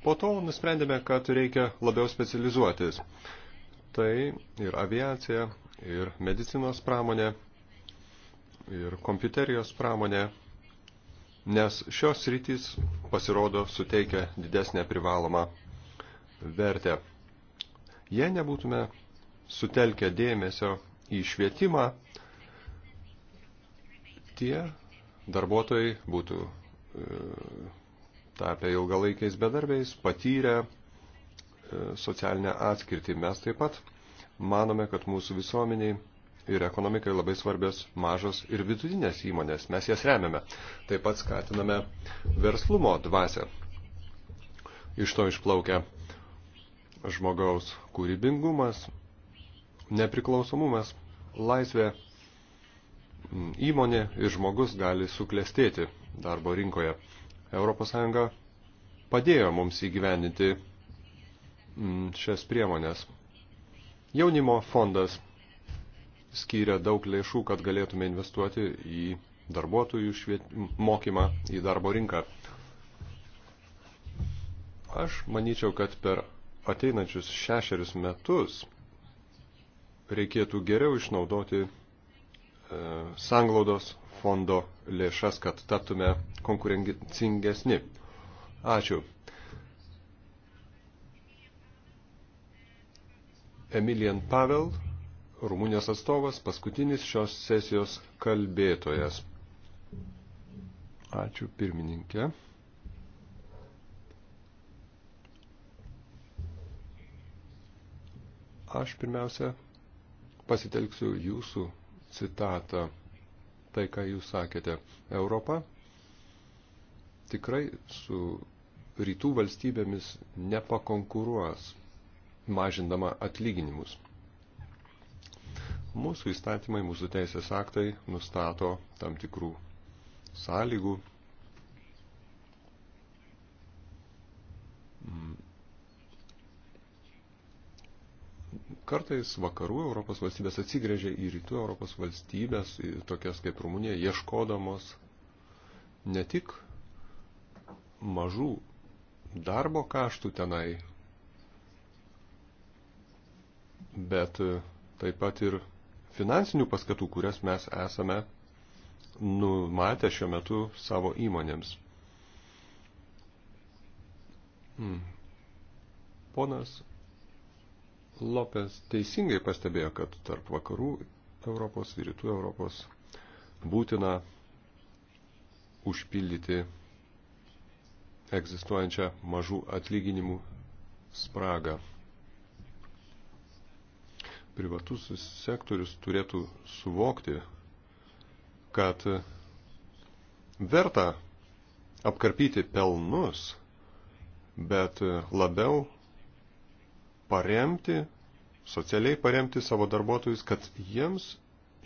po to nusprendėme, kad reikia labiau specializuotis. Tai ir aviacija, ir medicinos pramonė, ir kompiuterijos pramonė, nes šios rytis pasirodo suteikia didesnę privalomą vertę. Jei nebūtume sutelkę dėmesio į švietimą, tie darbuotojai būtų e, tapę ilgalaikiais bedarbiais, patyrę e, socialinę atskirtį. Mes taip pat manome, kad mūsų visuomeniai ir ekonomikai labai svarbios mažos ir vidutinės įmonės. Mes jas remiame. Taip pat skatiname verslumo dvasę. Iš to išplaukia žmogaus kūrybingumas, nepriklausomumas, laisvė. Įmonė ir žmogus gali suklestėti darbo rinkoje. ES padėjo mums įgyvendinti šias priemonės. Jaunimo fondas skyrė daug lėšų, kad galėtume investuoti į darbuotojų šviet... mokymą, į darbo rinką. Aš manyčiau, kad per ateinančius šešerius metus reikėtų geriau išnaudoti e, sanglaudos fondo lėšas, kad taptume konkurencingesni. Ačiū. Emilian Pavel. Rumunijos atstovas, paskutinis šios sesijos kalbėtojas. Ačiū pirmininkė. Aš pirmiausia pasitelksiu jūsų citatą, tai ką jūs sakėte. Europa tikrai su rytų valstybėmis nepakonkuruos, mažindama atlyginimus. Mūsų įstatymai, mūsų teisės aktai nustato tam tikrų sąlygų. Kartais vakarų Europos valstybės atsigrėžia į rytų Europos valstybės, tokias kaip Rumunija, ieškodamos ne tik mažų darbo kaštų tenai, bet taip pat ir finansinių paskatų, kurias mes esame numatę šiuo metu savo įmonėms. Hmm. Ponas Lopes teisingai pastebėjo, kad tarp vakarų Europos ir rytų Europos būtina užpildyti egzistuojančią mažų atlyginimų spragą privatus sektorius turėtų suvokti, kad verta apkarpyti pelnus, bet labiau paremti, socialiai paremti savo darbuotojus, kad jiems,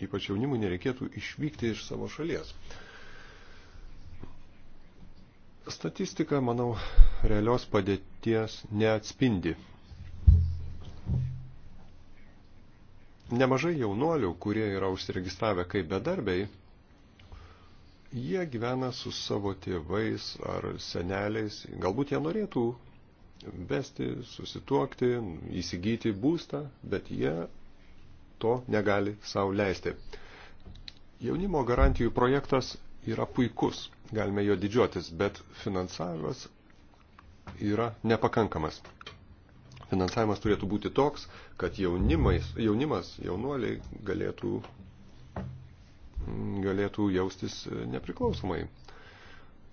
ypač jaunimui, nereikėtų išvykti iš savo šalies. Statistika, manau, realios padėties neatspindi. nemažai jaunuolių, kurie yra užsiregistravę kaip bedarbiai, jie gyvena su savo tėvais ar seneliais. Galbūt jie norėtų vesti, susituokti, įsigyti būstą, bet jie to negali savo leisti. Jaunimo garantijų projektas yra puikus, galime jo didžiuotis, bet finansavimas yra nepakankamas finansavimas turėtų būti toks, kad jaunimais, jaunimas, jaunuoliai galėtų, galėtų jaustis nepriklausomai.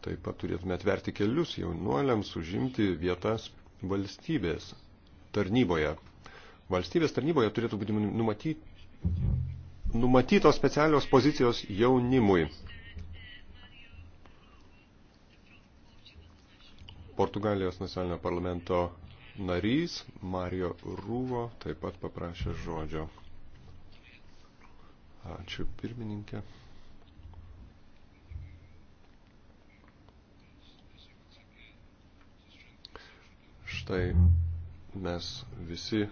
Taip pat turėtume atverti kelius jaunuoliams užimti vietas valstybės tarnyboje. Valstybės tarnyboje turėtų būti numaty, numatytos specialios pozicijos jaunimui. Portugalijos nacionalinio parlamento narys Mario Rūvo taip pat paprašė žodžio. Ačiū pirmininkė. Štai mes visi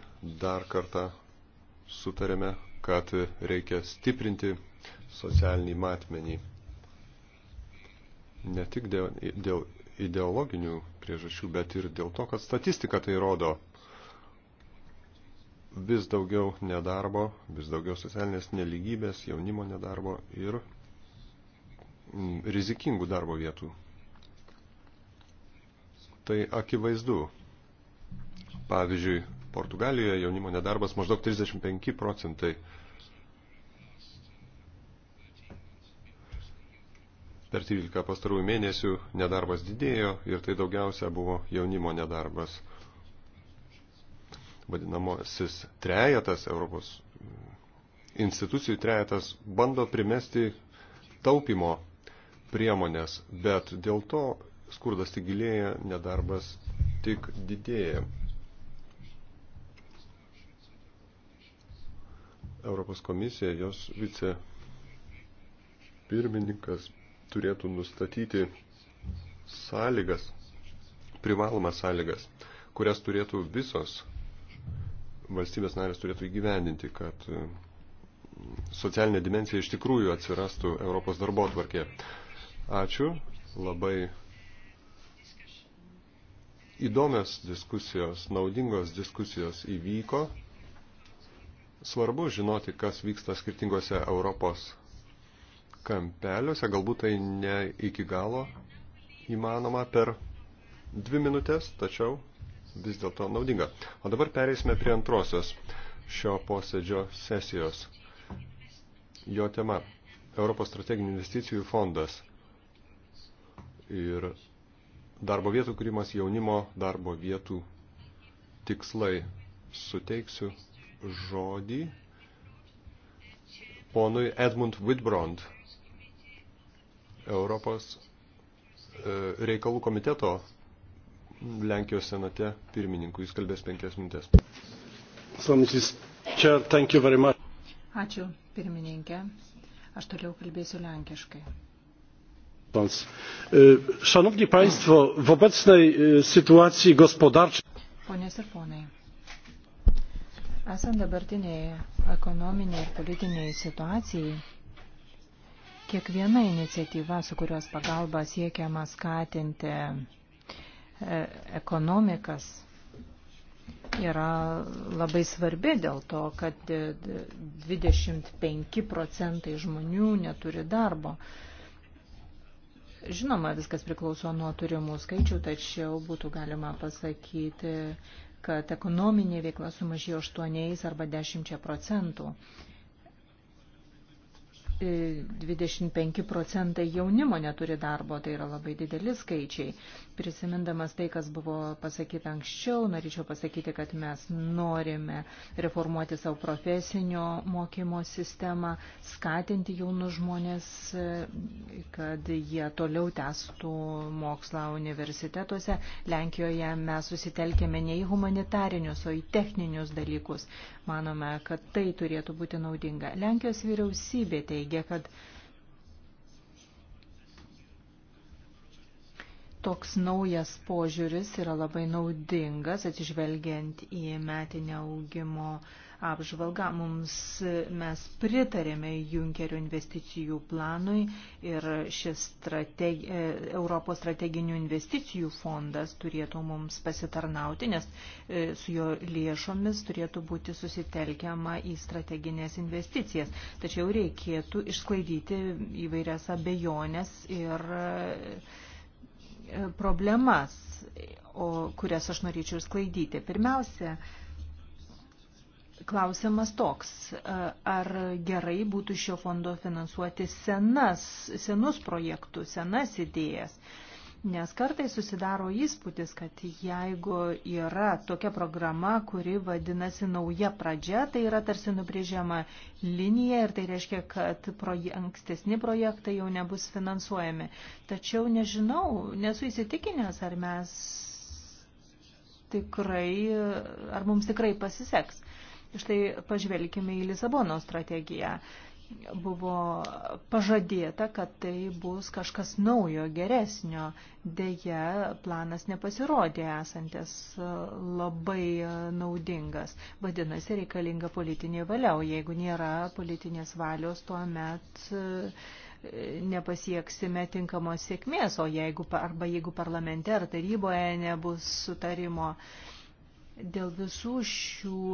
dar kartą sutarėme, kad reikia stiprinti socialinį matmenį. Ne tik dėl, dėl ideologinių priežasčių, bet ir dėl to, kad statistika tai rodo vis daugiau nedarbo, vis daugiau socialinės neligybės, jaunimo nedarbo ir mm, rizikingų darbo vietų. Tai akivaizdu. Pavyzdžiui, Portugalijoje jaunimo nedarbas maždaug 35 procentai Per 13 pastarųjų mėnesių nedarbas didėjo ir tai daugiausia buvo jaunimo nedarbas. Vadinamosis trejetas Europos mm, institucijų trejetas bando primesti taupimo priemonės, bet dėl to skurdas tik gilėja, nedarbas tik didėja. Europos komisija, jos vice pirmininkas turėtų nustatyti sąlygas, privalomas sąlygas, kurias turėtų visos valstybės narės turėtų įgyvendinti, kad mm, socialinė dimensija iš tikrųjų atsirastų Europos darbo tvarkė. Ačiū, labai įdomios diskusijos, naudingos diskusijos įvyko. Svarbu žinoti, kas vyksta skirtingose Europos kampeliuose, galbūt tai ne iki galo įmanoma per dvi minutės, tačiau vis dėlto naudinga. O dabar pereisime prie antrosios šio posėdžio sesijos. Jo tema – Europos strateginių investicijų fondas ir darbo vietų kūrimas jaunimo darbo vietų tikslai. Suteiksiu žodį ponui Edmund Whitbrond. Europos e, reikalų komiteto Lenkijos senate pirmininku. Jis kalbės penkias minutės. Ačiū, pirmininkė. Aš toliau kalbėsiu lenkiškai. E, Szanowni Państwo, w obecnej e, sytuacji gospodarczej. Ponies ir ponai, esant dabartiniai ekonominiai ir politiniai situacijai, Kiekviena iniciatyva, su kurios pagalba siekiama skatinti e, ekonomikas, yra labai svarbi dėl to, kad 25 procentai žmonių neturi darbo. Žinoma, viskas priklauso nuo turimų skaičių, tačiau būtų galima pasakyti, kad ekonominė veikla sumažėjo 8 arba 10 procentų. 25 procentai jaunimo neturi darbo, tai yra labai dideli skaičiai. Prisimindamas tai, kas buvo pasakyta anksčiau, norėčiau pasakyti, kad mes norime reformuoti savo profesinio mokymo sistemą, skatinti jaunus žmonės, kad jie toliau testų mokslą universitetuose. Lenkijoje mes susitelkėme ne į humanitarinius, o į techninius dalykus. Manome, kad tai turėtų būti naudinga. Lenkijos vyriausybė teigia, kad Toks naujas požiūris yra labai naudingas, atsižvelgiant į metinę augimo apžvalgą. Mums, mes pritarėme Junkerio investicijų planui ir šis strategi, e, Europos strateginių investicijų fondas turėtų mums pasitarnauti, nes e, su jo lėšomis turėtų būti susitelkiama į strateginės investicijas. Tačiau reikėtų išsklaidyti įvairias abejonės ir e, problemas, o, kurias aš norėčiau sklaidyti. Pirmiausia, klausimas toks, ar gerai būtų šio fondo finansuoti senas, senus projektus, senas idėjas. Nes kartai susidaro įspūdis, kad jeigu yra tokia programa, kuri vadinasi nauja pradžia, tai yra tarsi nubrėžiama linija ir tai reiškia, kad proje, ankstesni projektai jau nebus finansuojami. Tačiau nežinau, nesu įsitikinęs, ar mes tikrai, ar mums tikrai pasiseks. Štai pažvelkime į Lisabono strategiją buvo pažadėta, kad tai bus kažkas naujo, geresnio. Deja, planas nepasirodė esantis labai naudingas. Vadinasi, reikalinga politinė valia, o jeigu nėra politinės valios, tuomet e, nepasieksime tinkamos sėkmės, o jeigu, arba jeigu parlamente ar taryboje nebus sutarimo. Dėl visų šių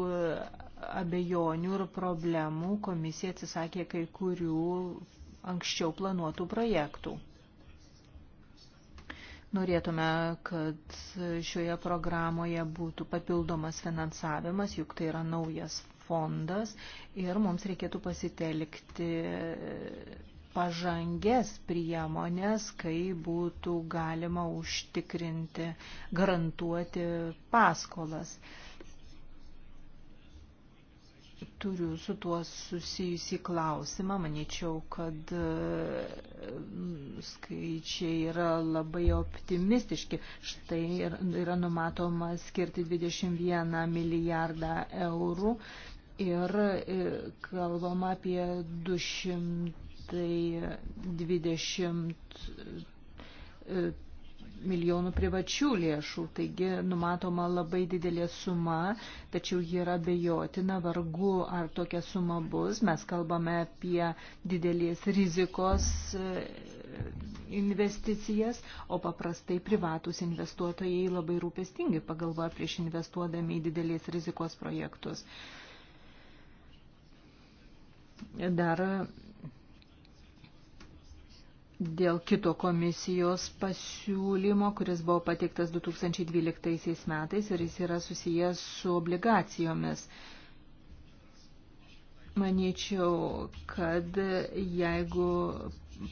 abejonių ir problemų komisija atsisakė kai kurių anksčiau planuotų projektų. Norėtume, kad šioje programoje būtų papildomas finansavimas, juk tai yra naujas fondas ir mums reikėtų pasitelkti pažangės priemonės, kai būtų galima užtikrinti, garantuoti paskolas. Uh, turiu su tuo susijusi klausimą. Manyčiau, kad mm, skaičiai yra labai optimistiški. Štai yra numatoma skirti 21 milijardą eurų ir kalbama apie 220 milijonų privačių lėšų, taigi numatoma labai didelė suma, tačiau ji yra bejotina, vargu ar tokia suma bus. Mes kalbame apie didelės rizikos e, investicijas, o paprastai privatus investuotojai labai rūpestingai pagalvoja prieš investuodami į didelės rizikos projektus. Dar dėl kito komisijos pasiūlymo, kuris buvo pateiktas 2012 metais ir jis yra susijęs su obligacijomis. Manyčiau, kad jeigu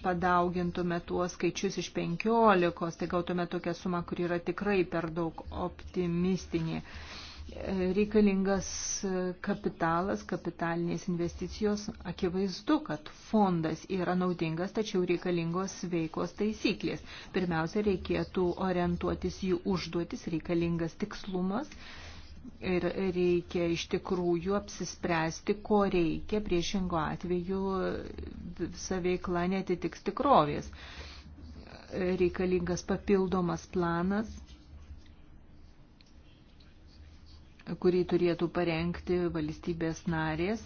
padaugintume tuos skaičius iš 15, tai gautume tokią sumą, kuri yra tikrai per daug optimistinė. Uh, reikalingas e, kapitalas, kapitalinės investicijos, akivaizdu, kad fondas yra naudingas, tačiau reikalingos veikos taisyklės. Pirmiausia, reikėtų orientuotis į užduotis, reikalingas tikslumas. Ir reikia iš tikrųjų apsispręsti, ko reikia, priešingo atveju visa veikla netitiks tikrovės. Reikalingas papildomas planas, kurį turėtų parengti valstybės narės.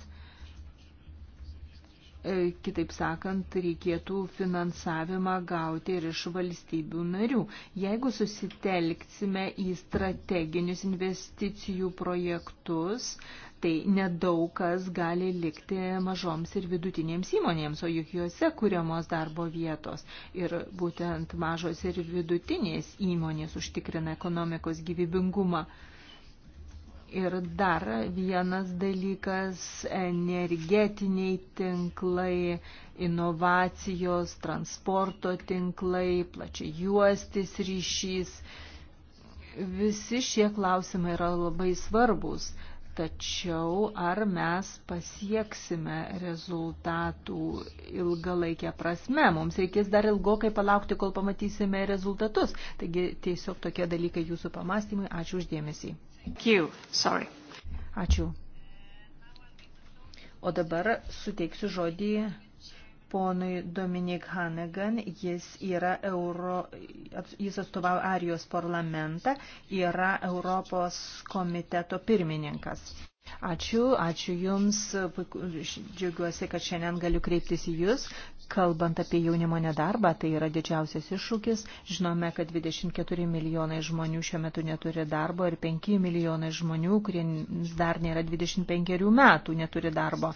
E, kitaip sakant, reikėtų finansavimą gauti ir iš valstybių narių. Jeigu susitelksime į strateginius investicijų projektus, tai nedaug kas gali likti mažoms ir vidutinėms įmonėms, o juk juose kuriamos darbo vietos. Ir būtent mažos ir vidutinės įmonės užtikrina ekonomikos gyvybingumą. Ir dar vienas dalykas - energetiniai tinklai, inovacijos, transporto tinklai, plačiai juostis ryšys. Visi šie klausimai yra labai svarbus. Tačiau ar mes pasieksime rezultatų ilgalaikę prasme? Mums reikės dar ilgokai palaukti, kol pamatysime rezultatus. Taigi tiesiog tokie dalykai jūsų pamastymai. Ačiū uždėmesį. Ačiū. O dabar suteiksiu žodį ponui Dominik Hanegan, jis, yra Euro, jis atstovauja Arijos parlamentą, yra Europos komiteto pirmininkas. Ačiū, ačiū Jums. Džiaugiuosi, kad šiandien galiu kreiptis į Jūs. Kalbant apie jaunimo nedarbą, tai yra didžiausias iššūkis. Žinome, kad 24 milijonai žmonių šiuo metu neturi darbo ir 5 milijonai žmonių, kurie dar nėra 25 metų, neturi darbo.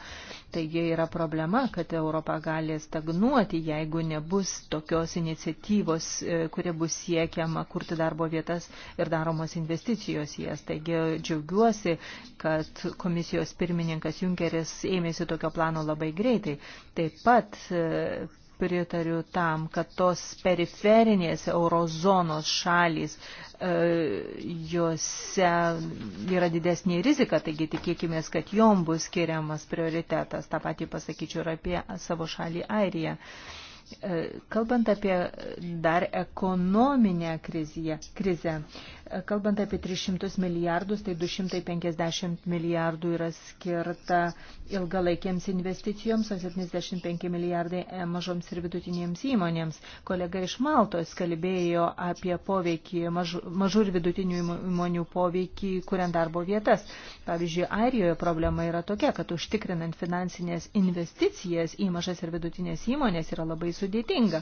Taigi yra problema, kad Europa gali stagnuoti, jeigu nebus tokios iniciatyvos, e, kuria bus siekiama kurti darbo vietas ir daromos investicijos jas. Taigi džiaugiuosi, kad komisijos pirmininkas Junkeris ėmėsi tokio plano labai greitai. Taip pat e, pritariu tam, kad tos periferinės eurozonos šalys, e, juose yra didesnė rizika, taigi tikėkime, kad jom bus skiriamas prioritetas. Ta pati pasakyčiau ir apie savo šalį Airiją. E, kalbant apie dar ekonominę kriziją, krizę, e, kalbant apie 300 milijardus, tai 250 milijardų yra skirta ilgalaikėms investicijoms, o 75 milijardai e, mažoms ir vidutinėms įmonėms. Kolega iš Maltos kalbėjo apie poveikį, mažų, mažų ir vidutinių įmonių poveikį, kuriant darbo vietas. Pavyzdžiui, Airijoje problema yra tokia, kad užtikrinant finansinės investicijas į mažas ir vidutinės įmonės yra labai sudėtinga.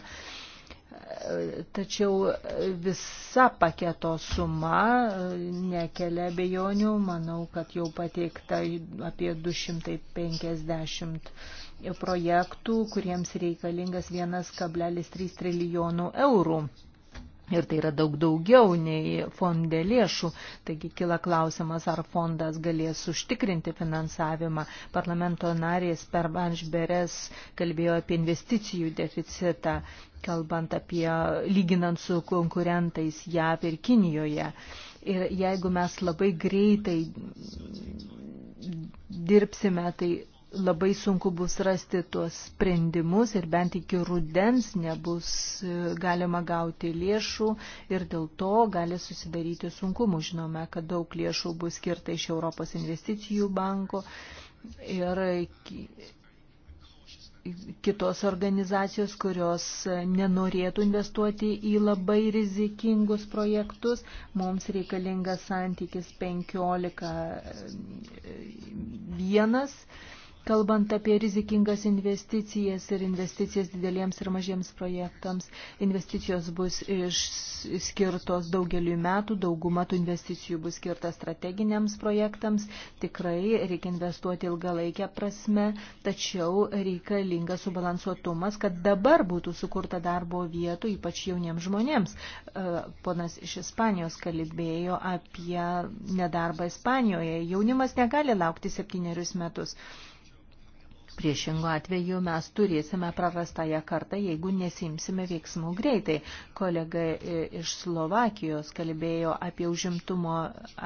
Tačiau visa paketo suma nekelia bejonių, manau, kad jau pateikta apie 250 projektų, kuriems reikalingas 1,3 trilijonų eurų. Ir tai yra daug daugiau nei fonde lėšų. Taigi kila klausimas, ar fondas galės užtikrinti finansavimą. Parlamento narės per Banžberes kalbėjo apie investicijų deficitą, kalbant apie lyginant su konkurentais JAV ir Kinijoje. Ir jeigu mes labai greitai dirbsime, tai labai sunku bus rasti tuos sprendimus ir bent iki rudens nebus e, galima gauti lėšų ir dėl to gali susidaryti sunkumų. Žinome, kad daug lėšų bus skirta iš Europos investicijų banko ir kitos organizacijos, kurios nenorėtų investuoti į labai rizikingus projektus. Mums reikalingas santykis 15 e, vienas Kalbant apie rizikingas investicijas ir investicijas dideliems ir mažiems projektams, investicijos bus skirtos daugeliu metų, dauguma tų investicijų bus skirta strateginiams projektams, tikrai reikia investuoti ilgalaikę prasme, tačiau reikalingas subalansuotumas, kad dabar būtų sukurta darbo vietų, ypač jauniems žmonėms. E, ponas iš Ispanijos kalbėjo apie nedarbą Ispanijoje. Jaunimas negali laukti septynerius metus. Priešingo atveju mes turėsime prarastąją kartą, jeigu nesimsime veiksmų greitai. Kolega e, iš Slovakijos kalbėjo apie užimtumo,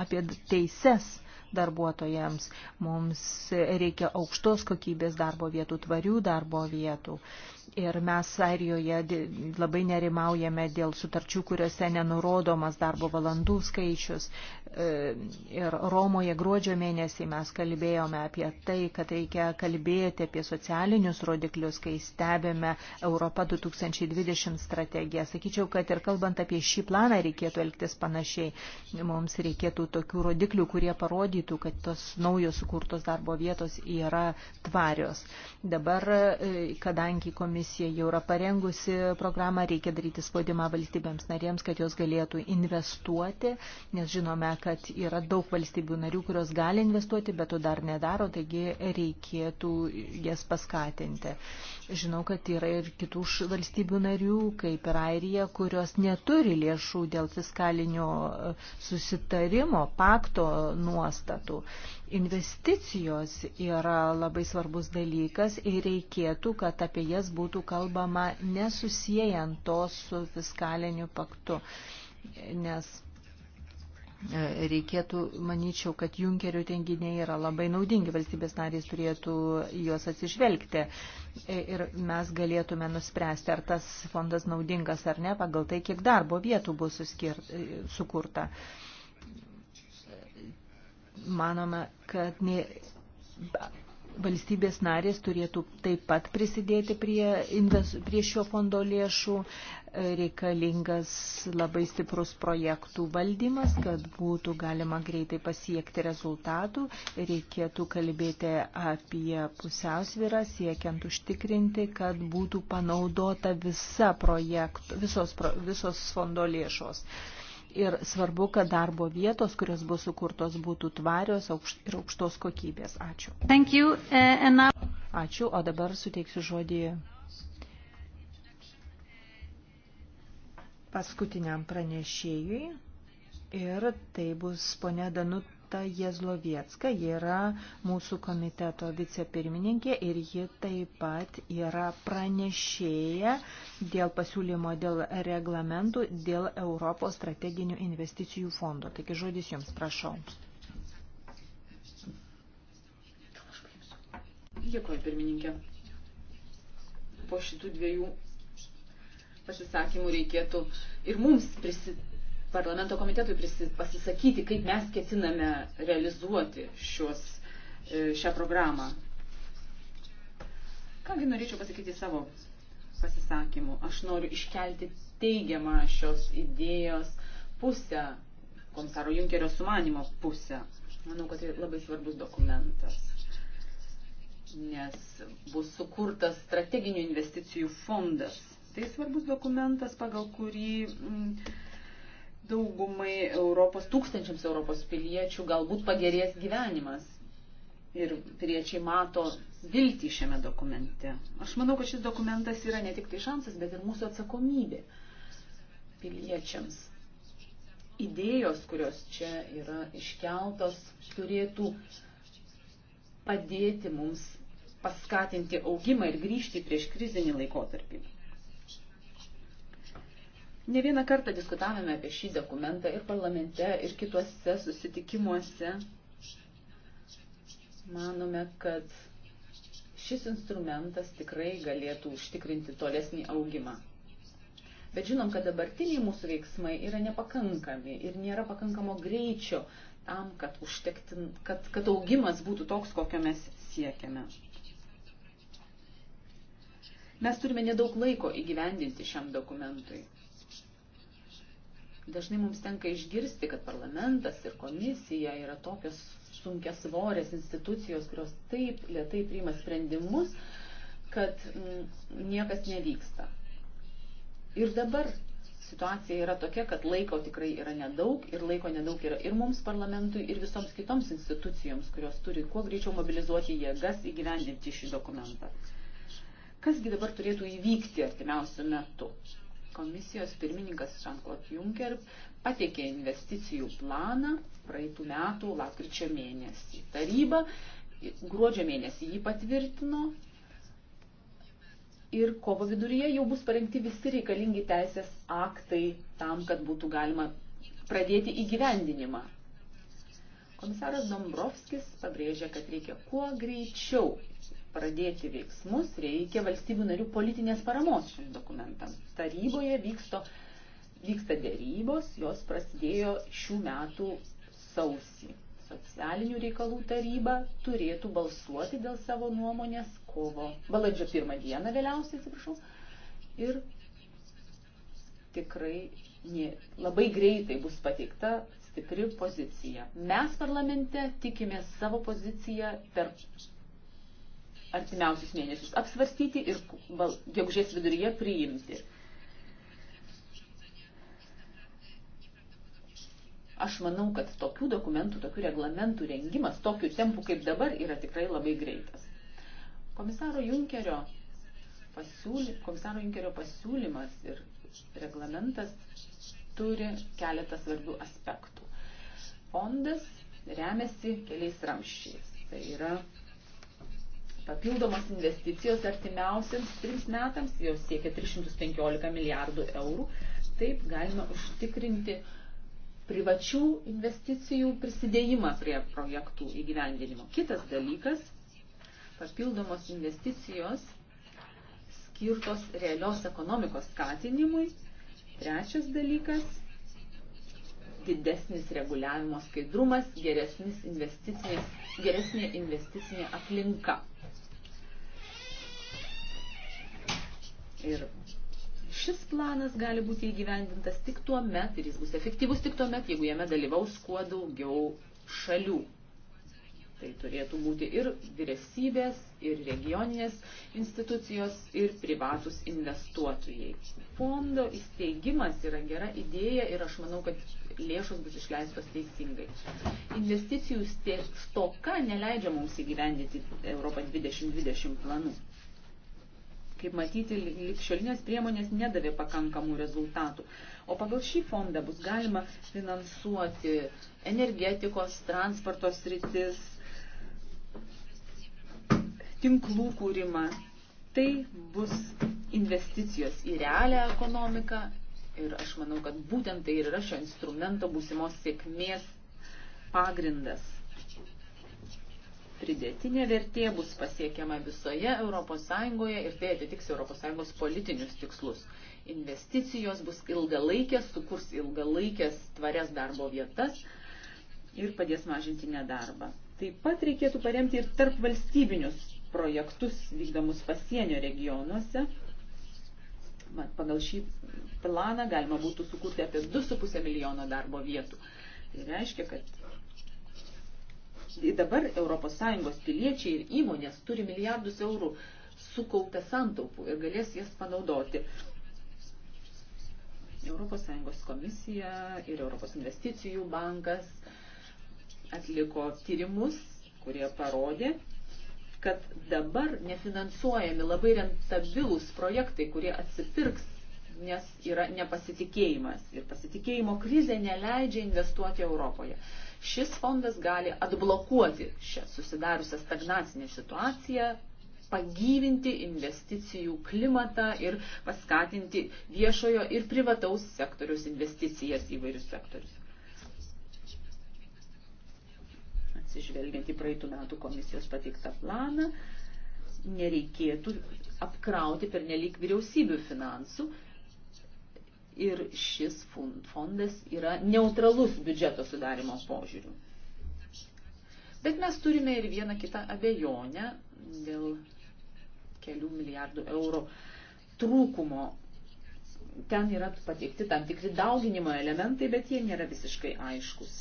apie teises darbuotojams. Mums reikia aukštos kokybės darbo vietų, tvarių darbo vietų. Uh, ir mes Airijoje labai nerimaujame dėl sutarčių, kuriuose nenurodomas darbo valandų skaičius. E, ir Romoje gruodžio mėnesį mes kalbėjome apie tai, kad reikia kalbėti apie socialinius rodiklius, kai stebime Europą 2020 strategiją. Sakyčiau, kad ir kalbant apie šį planą reikėtų elgtis panašiai. Mums reikėtų tokių rodiklių, kurie parodytų, kad tos naujos sukurtos darbo vietos yra tvarios. Dabar, e, kadangi komisija komisija jau yra parengusi programą, reikia daryti spaudimą valstybėms narėms, kad jos galėtų investuoti, nes žinome, kad yra daug valstybių narių, kurios gali investuoti, bet to dar nedaro, taigi reikėtų jas paskatinti. Žinau, kad yra ir kitų valstybių narių, kaip ir Airija, kurios neturi lėšų dėl fiskalinio e, susitarimo, pakto nuostatų. Investicijos yra labai svarbus dalykas ir reikėtų, kad apie jas būtų kalbama nesusijęjant to su fiskaliniu paktu, nes E, reikėtų, manyčiau, kad Junkerio tenginiai yra labai naudingi, valstybės narys turėtų juos atsižvelgti e, ir mes galėtume nuspręsti, ar tas fondas naudingas ar ne, pagal tai, kiek darbo vietų bus suskirt, e, sukurta. Manome, kad ne, valstybės narės turėtų taip pat prisidėti prie, indas, prie šio fondo lėšų, e, reikalingas labai stiprus projektų valdymas, kad būtų galima greitai pasiekti rezultatų, reikėtų kalbėti apie pusiausvyrą, siekiant užtikrinti, kad būtų panaudota visa projektų, visos, visos fondo lėšos ir svarbu, kad darbo vietos, kurios bus sukurtos, būtų tvarios ir aukštos kokybės. Ačiū. Thank you, uh, now... Ačiū, o dabar suteiksiu žodį paskutiniam pranešėjui ir tai bus ponia Danut Marita Jezlovietska, ji yra mūsų komiteto vicepirmininkė ir ji taip pat yra pranešėja dėl pasiūlymo dėl reglamentų dėl Europos strateginių investicijų fondo. Taigi žodis jums, prašau. Dėkuoju, pirmininkė. Po šitų dviejų pasisakymų reikėtų ir mums prisitaikyti parlamento komitetui pasisakyti, kaip mes ketiname realizuoti šios, e, šią programą. Kągi norėčiau pasakyti savo pasisakymu. Aš noriu iškelti teigiamą šios idėjos pusę, komisaro Junkerio sumanimo pusę. Manau, kad tai labai svarbus dokumentas, nes bus sukurtas strateginių investicijų fondas. Tai svarbus dokumentas, pagal kurį. Mm, daugumai Europos, tūkstančiams Europos piliečių galbūt pagerės gyvenimas. Ir piliečiai mato viltį šiame dokumente. Aš manau, kad šis dokumentas yra ne tik tai šansas, bet ir mūsų atsakomybė piliečiams. Idėjos, kurios čia yra iškeltos, turėtų padėti mums paskatinti augimą ir grįžti prieš krizinį laikotarpį. Ne vieną kartą diskutavome apie šį dokumentą ir parlamente, ir kituose susitikimuose. Manome, kad šis instrumentas tikrai galėtų užtikrinti tolesnį augimą. Bet žinom, kad dabartiniai mūsų veiksmai yra nepakankami ir nėra pakankamo greičio tam, kad, užtektin, kad, kad augimas būtų toks, kokio mes siekiame. Mes turime nedaug laiko įgyvendinti šiam dokumentui. Dažnai mums tenka išgirsti, kad parlamentas ir komisija yra tokios sunkia svorės institucijos, kurios taip lietai priima sprendimus, kad mm, niekas nevyksta. Ir dabar situacija yra tokia, kad laiko tikrai yra nedaug ir laiko nedaug yra ir mums parlamentui, ir visoms kitoms institucijoms, kurios turi kuo greičiau mobilizuoti jėgas įgyvendinti šį dokumentą. Kasgi dabar turėtų įvykti artimiausių metų? komisijos pirmininkas Jean-Claude Juncker pateikė investicijų planą praeitų metų lapkričio mėnesį. Taryba gruodžio mėnesį jį patvirtino ir kovo viduryje jau bus parengti visi reikalingi teisės aktai tam, kad būtų galima pradėti įgyvendinimą. Komisaras Dombrovskis pabrėžia, kad reikia kuo greičiau pradėti veiksmus, reikia valstybių narių politinės paramos šiems dokumentams. Taryboje vyksto, vyksta dėrybos, jos prasidėjo šių metų sausį. Socialinių reikalų taryba turėtų balsuoti dėl savo nuomonės kovo, balandžio pirmą dieną vėliausiai, atsiprašau. Ir tikrai ne, labai greitai bus pateikta stipri pozicija. Mes parlamente tikimės savo poziciją per artimiausius mėnesius apsvarstyti ir gegužės viduryje priimti. Aš manau, kad tokių dokumentų, tokių reglamentų rengimas tokiu tempu kaip dabar yra tikrai labai greitas. Komisaro Junkerio, pasiūly, komisaro Junkerio pasiūlymas ir reglamentas turi keletą svarbių aspektų. Fondas remiasi keliais ramščiais. Tai yra papildomas investicijos artimiausiams trims metams jau siekia 315 milijardų eurų. Taip galima užtikrinti privačių investicijų prisidėjimą prie projektų įgyvendinimo. Kitas dalykas - papildomos investicijos skirtos realios ekonomikos skatinimui. Trečias dalykas - didesnis reguliavimo skaidrumas, geresnis investicinės, geresnė investicinė aplinka. Ir šis planas gali būti įgyvendintas tik tuo met, ir jis bus efektyvus tik tuo met, jeigu jame dalyvaus kuo daugiau šalių. Tai turėtų būti ir vyriausybės, ir regioninės institucijos, ir privatus investuotojai. Fondo įsteigimas yra gera idėja ir aš manau, kad lėšos bus išleistos teisingai. Investicijų stoka neleidžia mums įgyvendyti Europą 2020 planų. Kaip matyti, likščiolinės priemonės nedavė pakankamų rezultatų. O pagal šį fondą bus galima finansuoti energetikos, transporto sritis, tinklų kūrimą. Tai bus investicijos į realią ekonomiką ir aš manau, kad būtent tai ir yra šio instrumento būsimos sėkmės pagrindas pridėtinė vertė bus pasiekiama visoje ES ir tai atitiks ES politinius tikslus. Investicijos bus ilgalaikės, sukurs ilgalaikės tvarias darbo vietas ir padės mažinti nedarbą. Taip pat reikėtų paremti ir tarp valstybinius projektus vykdomus pasienio regionuose. Pagal šį planą galima būtų sukurti apie 2,5 milijono darbo vietų. Tai reiškia, kad dabar ES piliečiai ir įmonės turi milijardus eurų sukaupę santaupų ir galės jas panaudoti. ES komisija ir ES investicijų bankas atliko tyrimus, kurie parodė, kad dabar nefinansuojami labai rentabilūs projektai, kurie atsipirks nes yra nepasitikėjimas. Ir pasitikėjimo krizė neleidžia investuoti Europoje. Šis fondas gali atblokuoti šią susidariusią stagnacinę situaciją, pagyvinti investicijų klimatą ir paskatinti viešojo ir privataus sektoriaus investicijas įvairius sektorius. Atsižvelgiant į praeitų metų komisijos pateiktą planą, nereikėtų apkrauti per nelik vyriausybių finansų, ir šis fondas yra neutralus biudžeto sudarimo požiūriu. Bet mes turime ir vieną kitą abejonę dėl kelių milijardų eurų trūkumo. Ten yra pateikti tam tikri dauginimo elementai, bet jie nėra visiškai aiškus.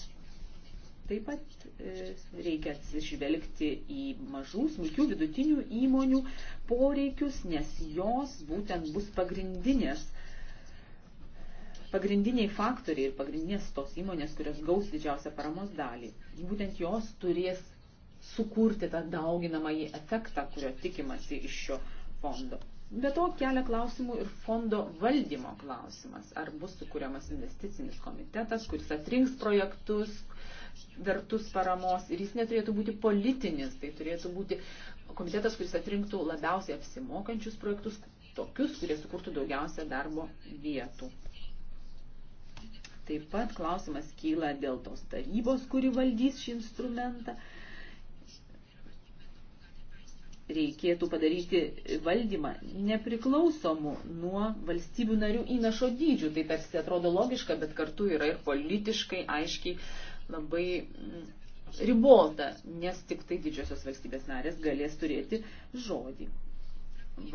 Taip pat e, reikia atsižvelgti į mažų, smulkių, vidutinių įmonių poreikius, nes jos būtent bus pagrindinės pagrindiniai faktoriai ir pagrindinės tos įmonės, kurios gaus didžiausią paramos dalį. Būtent jos turės sukurti tą dauginamąjį efektą, kurio tikimasi iš šio fondo. Be to kelia klausimų ir fondo valdymo klausimas. Ar bus sukūriamas investicinis komitetas, kuris atrinks projektus, vertus paramos ir jis neturėtų būti politinis, tai turėtų būti komitetas, kuris atrinktų labiausiai apsimokančius projektus, tokius, kurie sukurtų daugiausia darbo vietų. Taip pat klausimas kyla dėl tos tarybos, kuri valdys šį instrumentą. Reikėtų padaryti valdymą nepriklausomų nuo valstybių narių įnašo dydžių. Tai tarsi atrodo logiška, bet kartu yra ir politiškai aiškiai labai mm, ribota, nes tik tai didžiosios valstybės narės galės turėti žodį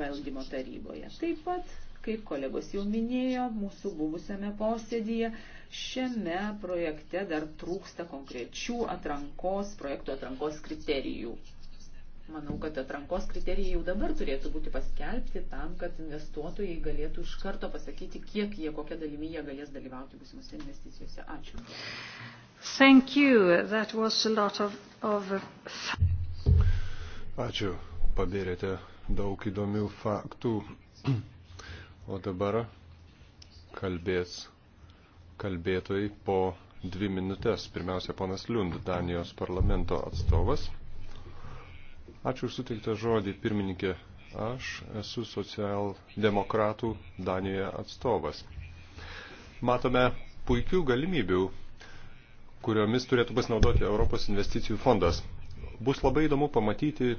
valdymo taryboje. Taip pat, kaip kolegos jau minėjo, mūsų buvusiame posėdėje Šiame projekte dar trūksta konkrečių atrankos, projektų atrankos kriterijų. Manau, kad atrankos kriterijai jau dabar turėtų būti paskelbti tam, kad investuotojai galėtų iš karto pasakyti, kiek jie, kokią dalimi jie galės dalyvauti būsimose investicijose. Ačiū. Thank you. That was a lot of, of... Ačiū. Pabėrėte daug įdomių faktų. O dabar kalbės kalbėtojai po dvi minutės. Pirmiausia, ponas Liund, Danijos parlamento atstovas. Ačiū už suteiktą žodį, pirmininkė. Aš esu socialdemokratų Danijoje atstovas. Matome puikių galimybių, kuriomis turėtų pasinaudoti Europos investicijų fondas. Bus labai įdomu pamatyti,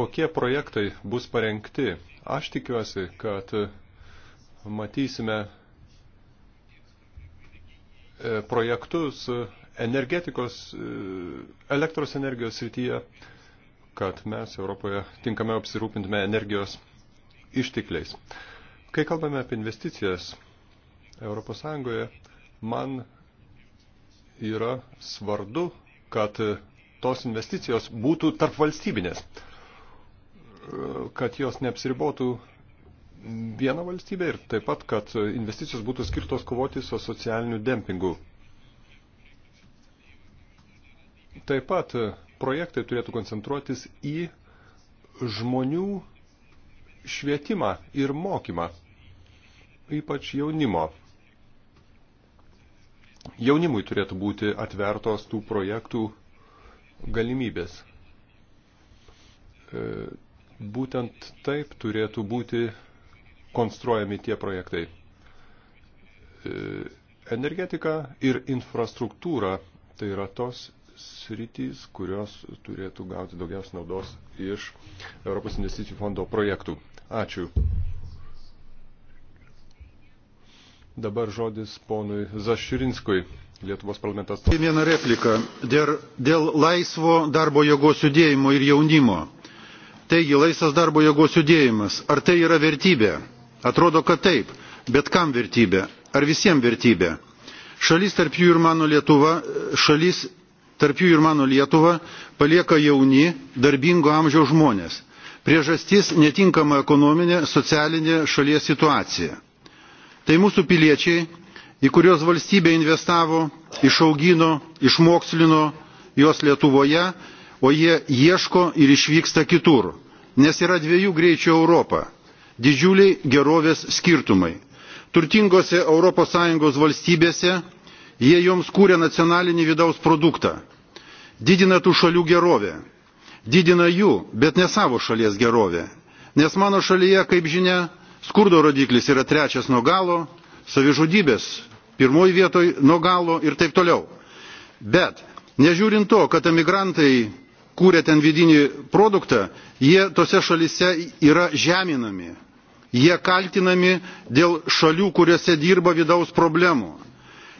kokie projektai bus parengti. Aš tikiuosi, kad matysime E, projektus e, energetikos, e, elektros energijos srityje, kad mes Europoje tinkamiau apsirūpintume energijos ištikliais. Kai kalbame apie investicijas Europos Sąjungoje, man yra svarbu, kad tos investicijos būtų tarp valstybinės, kad jos neapsiribotų vieną valstybę ir taip pat, kad investicijos būtų skirtos kovoti su socialiniu dempingu. Taip pat e, projektai turėtų koncentruotis į žmonių švietimą ir mokymą, ypač jaunimo. Jaunimui turėtų būti atvertos tų projektų galimybės. E, būtent taip turėtų būti konstruojami tie projektai. E, energetika ir infrastruktūra tai yra tos sritys, kurios turėtų gauti daugiausia naudos iš Europos investicijų fondo projektų. Ačiū. Dabar žodis ponui Zaširinskui, Lietuvos parlamentas. Viena replika dėl, dėl laisvo darbo jėgos judėjimo ir jaunimo. Taigi, laisvas darbo jėgos judėjimas, ar tai yra vertybė? Atrodo, kad taip, bet kam vertybė? Ar visiems vertybė? Šalis tarp jų ir mano Lietuva, šalis tarp jų ir mano Lietuva palieka jauni, darbingo amžiaus žmonės. Priežastis netinkama ekonominė, socialinė šalies situacija. Tai mūsų piliečiai, į kuriuos valstybė investavo, išaugino, išmokslino juos Lietuvoje, o jie ieško ir išvyksta kitur, nes yra dviejų greičių Europa didžiuliai gerovės skirtumai. Turtingose ES valstybėse jie joms kūrė nacionalinį vidaus produktą, didina tų šalių gerovę, didina jų, bet ne savo šalies gerovę. Nes mano šalyje, kaip žinia, skurdo rodiklis yra trečias nuo galo, savižudybės pirmoji vietoj nuo galo ir taip toliau. Bet nežiūrint to, kad emigrantai kūrė ten vidinį produktą, jie tose šalise yra žeminami, jie kaltinami dėl šalių kuriose dirba vidaus problemų.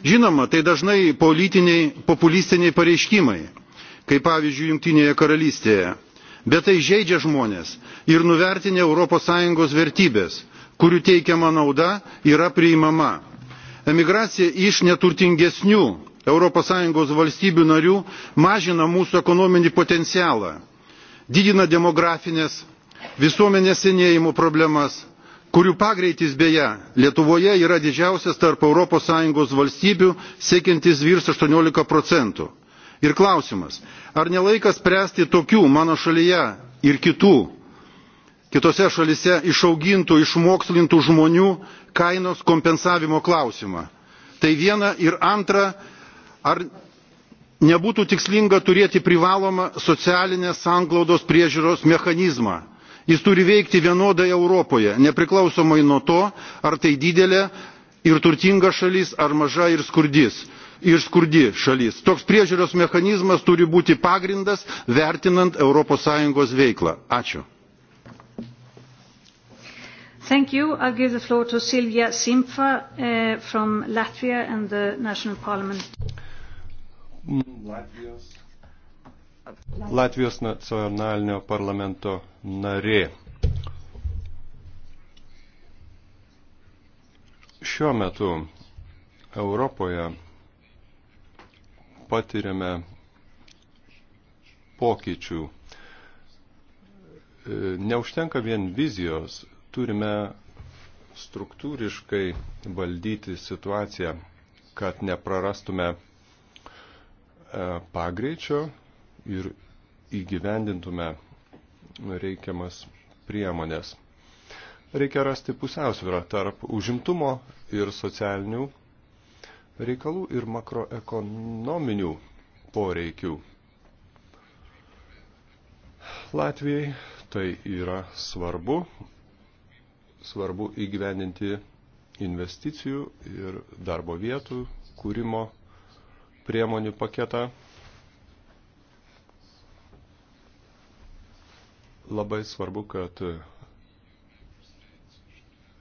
žinoma tai dažnai politiniai populistiniai pareiškimai kaip pavyzdžiui jungtinėje karalystėje bet tai žeidžia žmones ir nuvertina europos sąjungos vertybes kurių teikiama nauda yra priimama. emigracija iš neturtingesnių europos sąjungos valstybių narių mažina mūsų ekonominį potencialą didina demografines visuomenės senėjimo problemas kurių pagreitis beje lietuvoje yra didžiausias tarp europos sąjungos valstybių siekiantis virš aštuoniolika procentų. ir klausimas ar ne laikas spręsti tokių mano šalyje ir kitų kitose šalyse išaugintų išmokslintų žmonių kainos kompensavimo klausimą? tai viena ir antra ar nebūtų tikslinga turėti privalomą socialinės sanglaudos priežiūros mechanizmą jis turi veikti vienodai europoje nepriklausomai nuo to ar tai didelė ir turtinga šalis ar maža ir skurdi šalis. toks priežiūros mechanizmas turi būti pagrindas vertinant europos sąjungos veiklą. ačiū. Thank you. I'll give the floor to Silvia Simfa uh, from Latvia and the National Parliament. Latvijos Latvijos nacionalinio parlamento narė. Šiuo metu Europoje patiriame pokyčių. E, neužtenka vien vizijos, turime struktūriškai valdyti situaciją, kad neprarastume e, pagreičio ir įgyvendintume reikiamas priemonės. Reikia rasti pusiausvyrą tarp užimtumo ir socialinių reikalų ir makroekonominių poreikių. Latvijai tai yra svarbu, svarbu įgyvendinti investicijų ir darbo vietų kūrimo priemonių paketą. Labai svarbu, kad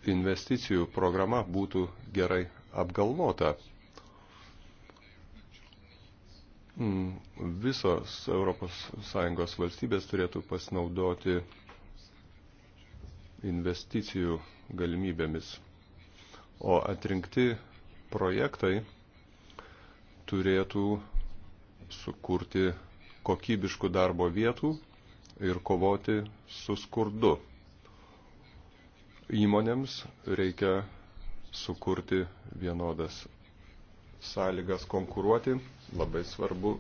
investicijų programa būtų gerai apgalvota. Mm, visos ES valstybės turėtų pasinaudoti investicijų galimybėmis, o atrinkti projektai turėtų sukurti kokybiškų darbo vietų ir kovoti su skurdu. Įmonėms reikia sukurti vienodas sąlygas konkuruoti, labai svarbu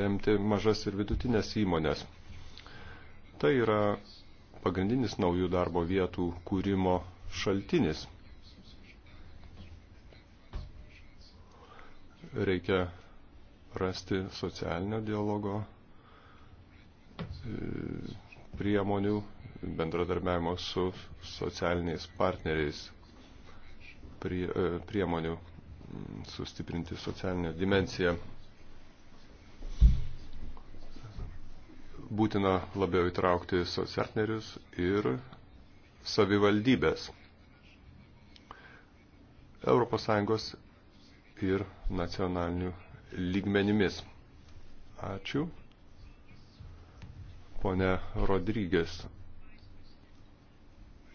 remti mažas ir vidutinės įmonės. Tai yra pagrindinis naujų darbo vietų kūrimo šaltinis. Reikia rasti socialinio dialogo priemonių bendradarbiavimo su socialiniais partneriais prie, e, priemonių mm, sustiprinti socialinę dimenciją. Būtina labiau įtraukti sociartnerius ir savivaldybės. ES ir nacionalinių lygmenimis. Ačiū ponė Rodrygės.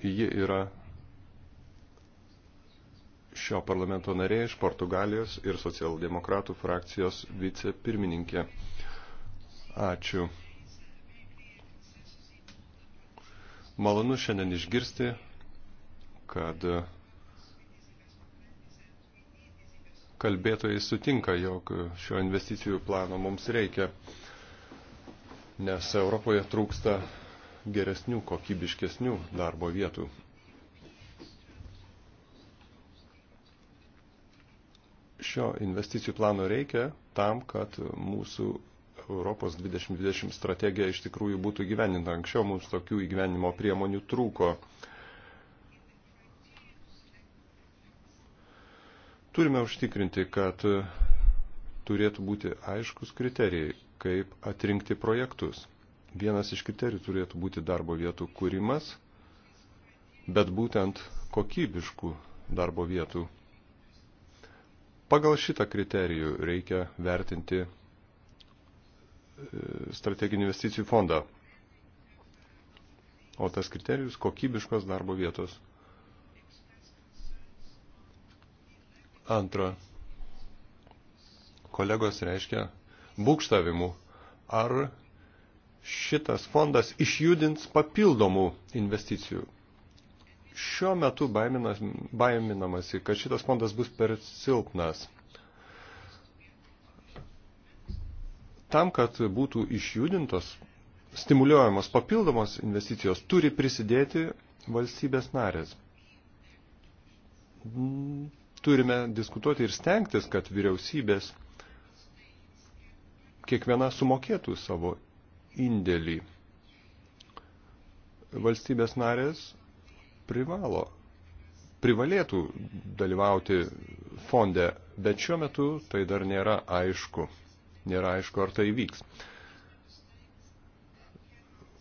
Ji yra šio parlamento narė iš Portugalijos ir socialdemokratų frakcijos vicepirmininkė. Ačiū. Malonu šiandien išgirsti, kad kalbėtojai sutinka, jog šio investicijų plano mums reikia nes Europoje trūksta geresnių, kokybiškesnių darbo vietų. Šio investicijų plano reikia tam, kad mūsų Europos 2020 strategija iš tikrųjų būtų įgyveninta. Anksčiau mums tokių įgyvenimo priemonių trūko. Turime užtikrinti, kad turėtų būti aiškus kriterijai, kaip atrinkti projektus. Vienas iš kriterijų turėtų būti darbo vietų kūrimas, bet būtent kokybiškų darbo vietų. Pagal šitą kriterijų reikia vertinti e, strateginių investicijų fondą. O tas kriterijus kokybiškos darbo vietos. Antra. Kolegos reiškia būkštavimų, ar šitas fondas išjudins papildomų investicijų. Šiuo metu baiminas, baiminamasi, kad šitas fondas bus per silpnas. Tam, kad būtų išjudintos, stimuliuojamos papildomos investicijos, turi prisidėti valstybės narės. Turime diskutuoti ir stengtis, kad vyriausybės kiekviena sumokėtų savo indėlį. Valstybės narės privalo, privalėtų dalyvauti fonde, bet šiuo metu tai dar nėra aišku. Nėra aišku, ar tai vyks.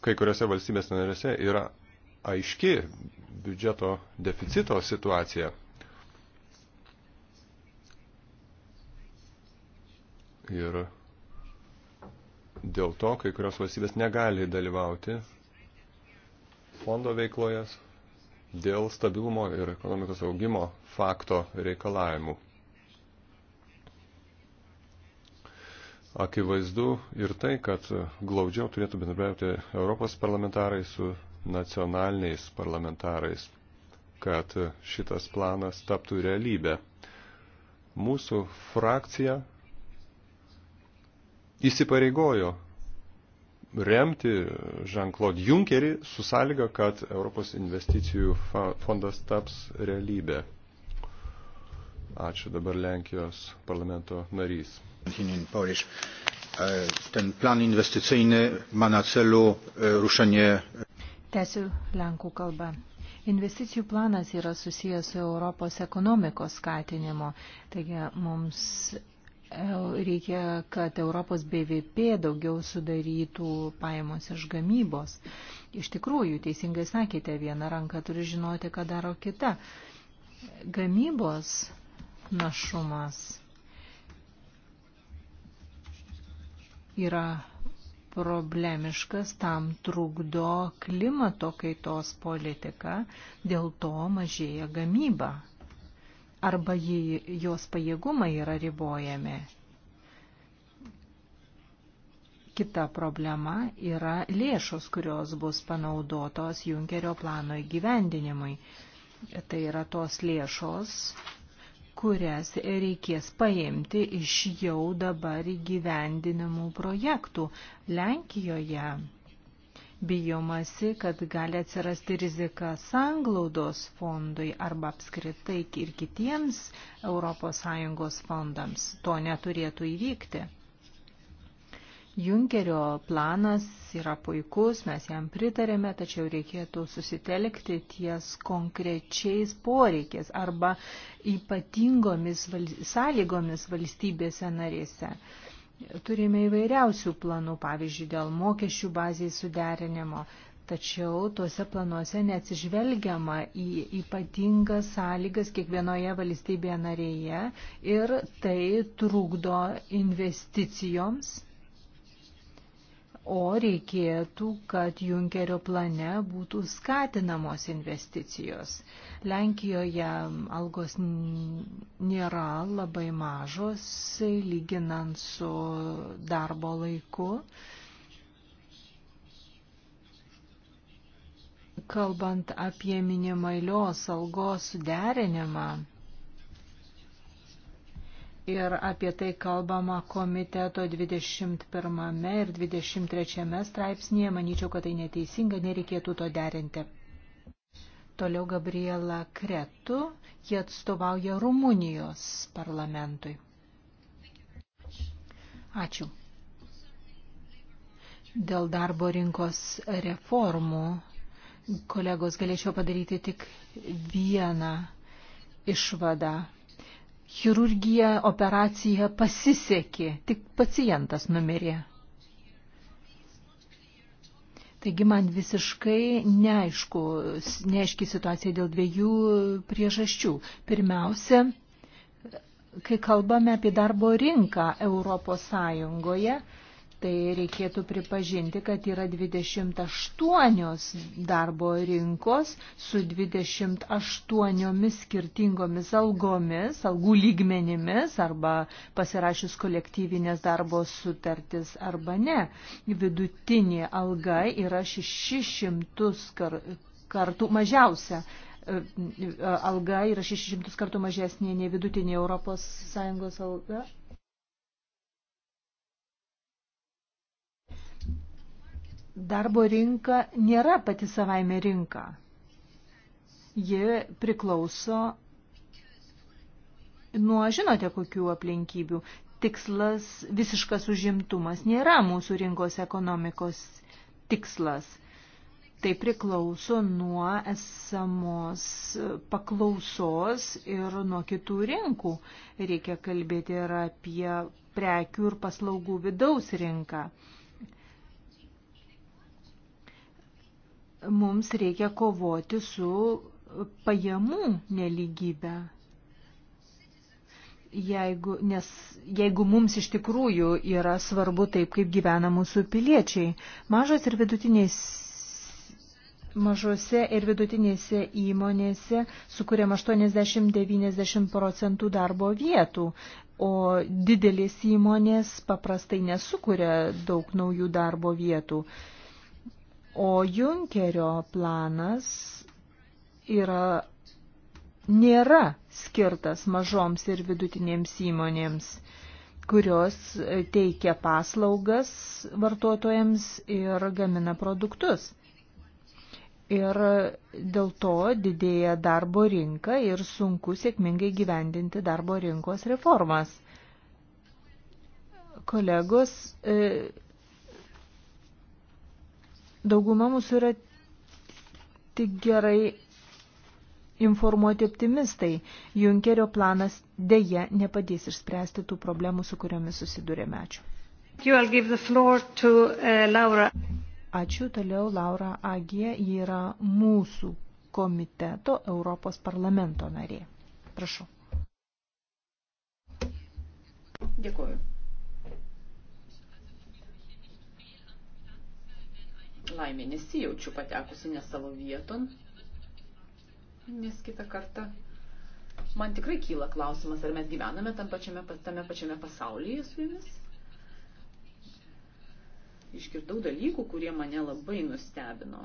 Kai kuriuose valstybės narėse yra aiški biudžeto deficito situacija. Ir dėl to kai kurios valstybės negali dalyvauti fondo veikloje dėl stabilumo ir ekonomikos augimo fakto reikalavimų. Akivaizdu ir tai, kad glaudžiau turėtų bendrabiauti Europos parlamentarai su nacionaliniais parlamentarais, kad šitas planas taptų realybę. Mūsų frakcija įsipareigojo remti Jean-Claude Junckerį su sąlyga, kad Europos investicijų fondas taps realybė. Ačiū dabar Lenkijos parlamento narys. E, ten plan inwestycyjny ma na celu e, ruszenie. Tęsiu Lenkų kalbą. Investicijų planas yra susijęs su Europos ekonomikos skatinimo, taigi mums reikia, kad Europos BVP daugiau sudarytų pajamos iš gamybos. Iš tikrųjų, teisingai sakėte, viena ranka turi žinoti, ką daro kita. Gamybos našumas yra problemiškas, tam trukdo klimato kaitos politika, dėl to mažėja gamyba arba jį, jos pajėgumai yra ribojami. Kita problema yra lėšos, kurios bus panaudotos Junkerio plano įgyvendinimui. Tai yra tos lėšos, kurias reikės paimti iš jau dabar įgyvendinamų projektų. Lenkijoje bijomasi, kad gali atsirasti rizika sanglaudos fondui arba apskritai ir kitiems ES fondams. To neturėtų įvykti. Junkerio planas yra puikus, mes jam pritarėme, tačiau reikėtų susitelkti ties konkrečiais poreikiais arba ypatingomis val sąlygomis valstybėse narėse. Uh, Turime įvairiausių planų, pavyzdžiui, dėl mokesčių bazės suderinimo, tačiau tuose planuose neatsižvelgiama į ypatingas sąlygas kiekvienoje valstybėje narėje ir tai trukdo investicijoms o reikėtų, kad Junkerio plane būtų skatinamos investicijos. Lenkijoje algos nėra labai mažos, lyginant su darbo laiku. Kalbant apie minimalios algos suderinimą, ir apie tai kalbama komiteto 21 ir 23 straipsnėje. Manyčiau, kad tai neteisinga, nereikėtų to derinti. Toliau Gabriela Kretu, jie atstovauja Rumunijos parlamentui. Ačiū. Dėl darbo rinkos reformų, kolegos, galėčiau padaryti tik vieną išvadą chirurgija, operacija pasisekė, tik pacientas numirė. Taigi man visiškai neaišku, neaiški situacija dėl dviejų priežasčių. Pirmiausia, kai kalbame apie darbo rinką Europos Sąjungoje, tai reikėtų pripažinti, kad yra 28 darbo rinkos su 28 skirtingomis algomis, algų lygmenimis arba pasirašius kolektyvinės darbo sutartis arba ne. Vidutinė alga yra 600 kartų mažiausia e, e, alga yra 600 kartų mažesnė nei vidutinė ES alga, darbo rinka nėra pati savaime rinka. Ji priklauso nuo, žinote, kokių aplinkybių. Tikslas visiškas užimtumas nėra mūsų rinkos ekonomikos tikslas. Tai priklauso nuo esamos paklausos ir nuo kitų rinkų. Reikia kalbėti ir apie prekių ir paslaugų vidaus rinką. mums reikia kovoti su pajamų neligybė. Jeigu, nes jeigu mums iš tikrųjų yra svarbu taip, kaip gyvena mūsų piliečiai, mažos ir vidutinės mažose ir vidutinėse įmonėse sukūrėm 80-90 procentų darbo vietų, o didelės įmonės paprastai nesukuria daug naujų darbo vietų. O Junkerio planas yra, nėra skirtas mažoms ir vidutinėms įmonėms, kurios teikia paslaugas vartotojams ir gamina produktus. Ir dėl to didėja darbo rinka ir sunku sėkmingai gyvendinti darbo rinkos reformas. Kolegos, e, Dauguma mūsų yra tik gerai informuoti optimistai. Junkerio planas dėje nepadės išspręsti tų problemų, su kuriomis susidurėme. Ačiū. Uh, Ačiū toliau Laura Agie, ji yra mūsų komiteto Europos parlamento narė. Prašau. Dėkuoju. laimė nesijaučiu patekusi ne savo vieton, nes kitą kartą man tikrai kyla klausimas, ar mes gyvename tam pačiame, tame pačiame pasaulyje su jumis. Išgirdau dalykų, kurie mane labai nustebino,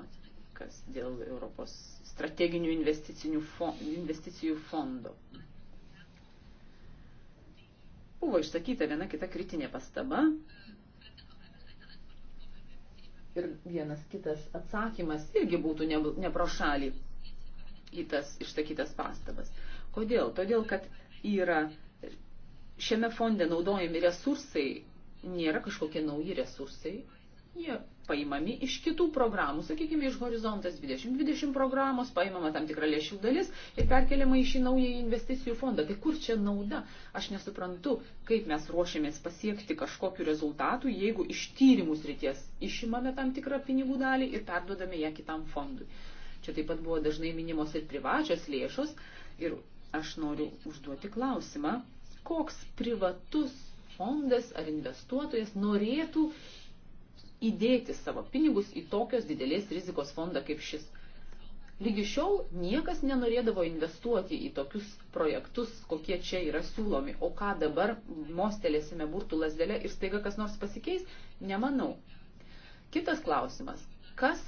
kas dėl Europos strateginių investicijų fondo. Buvo išsakyta viena kita kritinė pastaba, ir vienas kitas atsakymas irgi būtų ne, ne pro šalį į tas išsakytas pastabas. Kodėl? Todėl, kad yra šiame fonde naudojami resursai, nėra kažkokie nauji resursai, jie paimami iš kitų programų, sakykime, iš Horizontas 2020 programos, paimama tam tikra lėšių dalis ir perkeliama į šį naują investicijų fondą. Tai kur čia nauda? Aš nesuprantu, kaip mes ruošiamės pasiekti kažkokiu rezultatu, jeigu iš tyrimus ryties išimame tam tikrą pinigų dalį ir perduodame ją kitam fondui. Čia taip pat buvo dažnai minimos ir privačios lėšos ir aš noriu užduoti klausimą, koks privatus fondas ar investuotojas norėtų įdėti savo pinigus į tokios didelės rizikos fondą kaip šis. Lygi šiol niekas nenorėdavo investuoti į tokius projektus, kokie čia yra siūlomi, o ką dabar mostelėsime burtų lasdelę ir staiga kas nors pasikeis, nemanau. Kitas klausimas, kas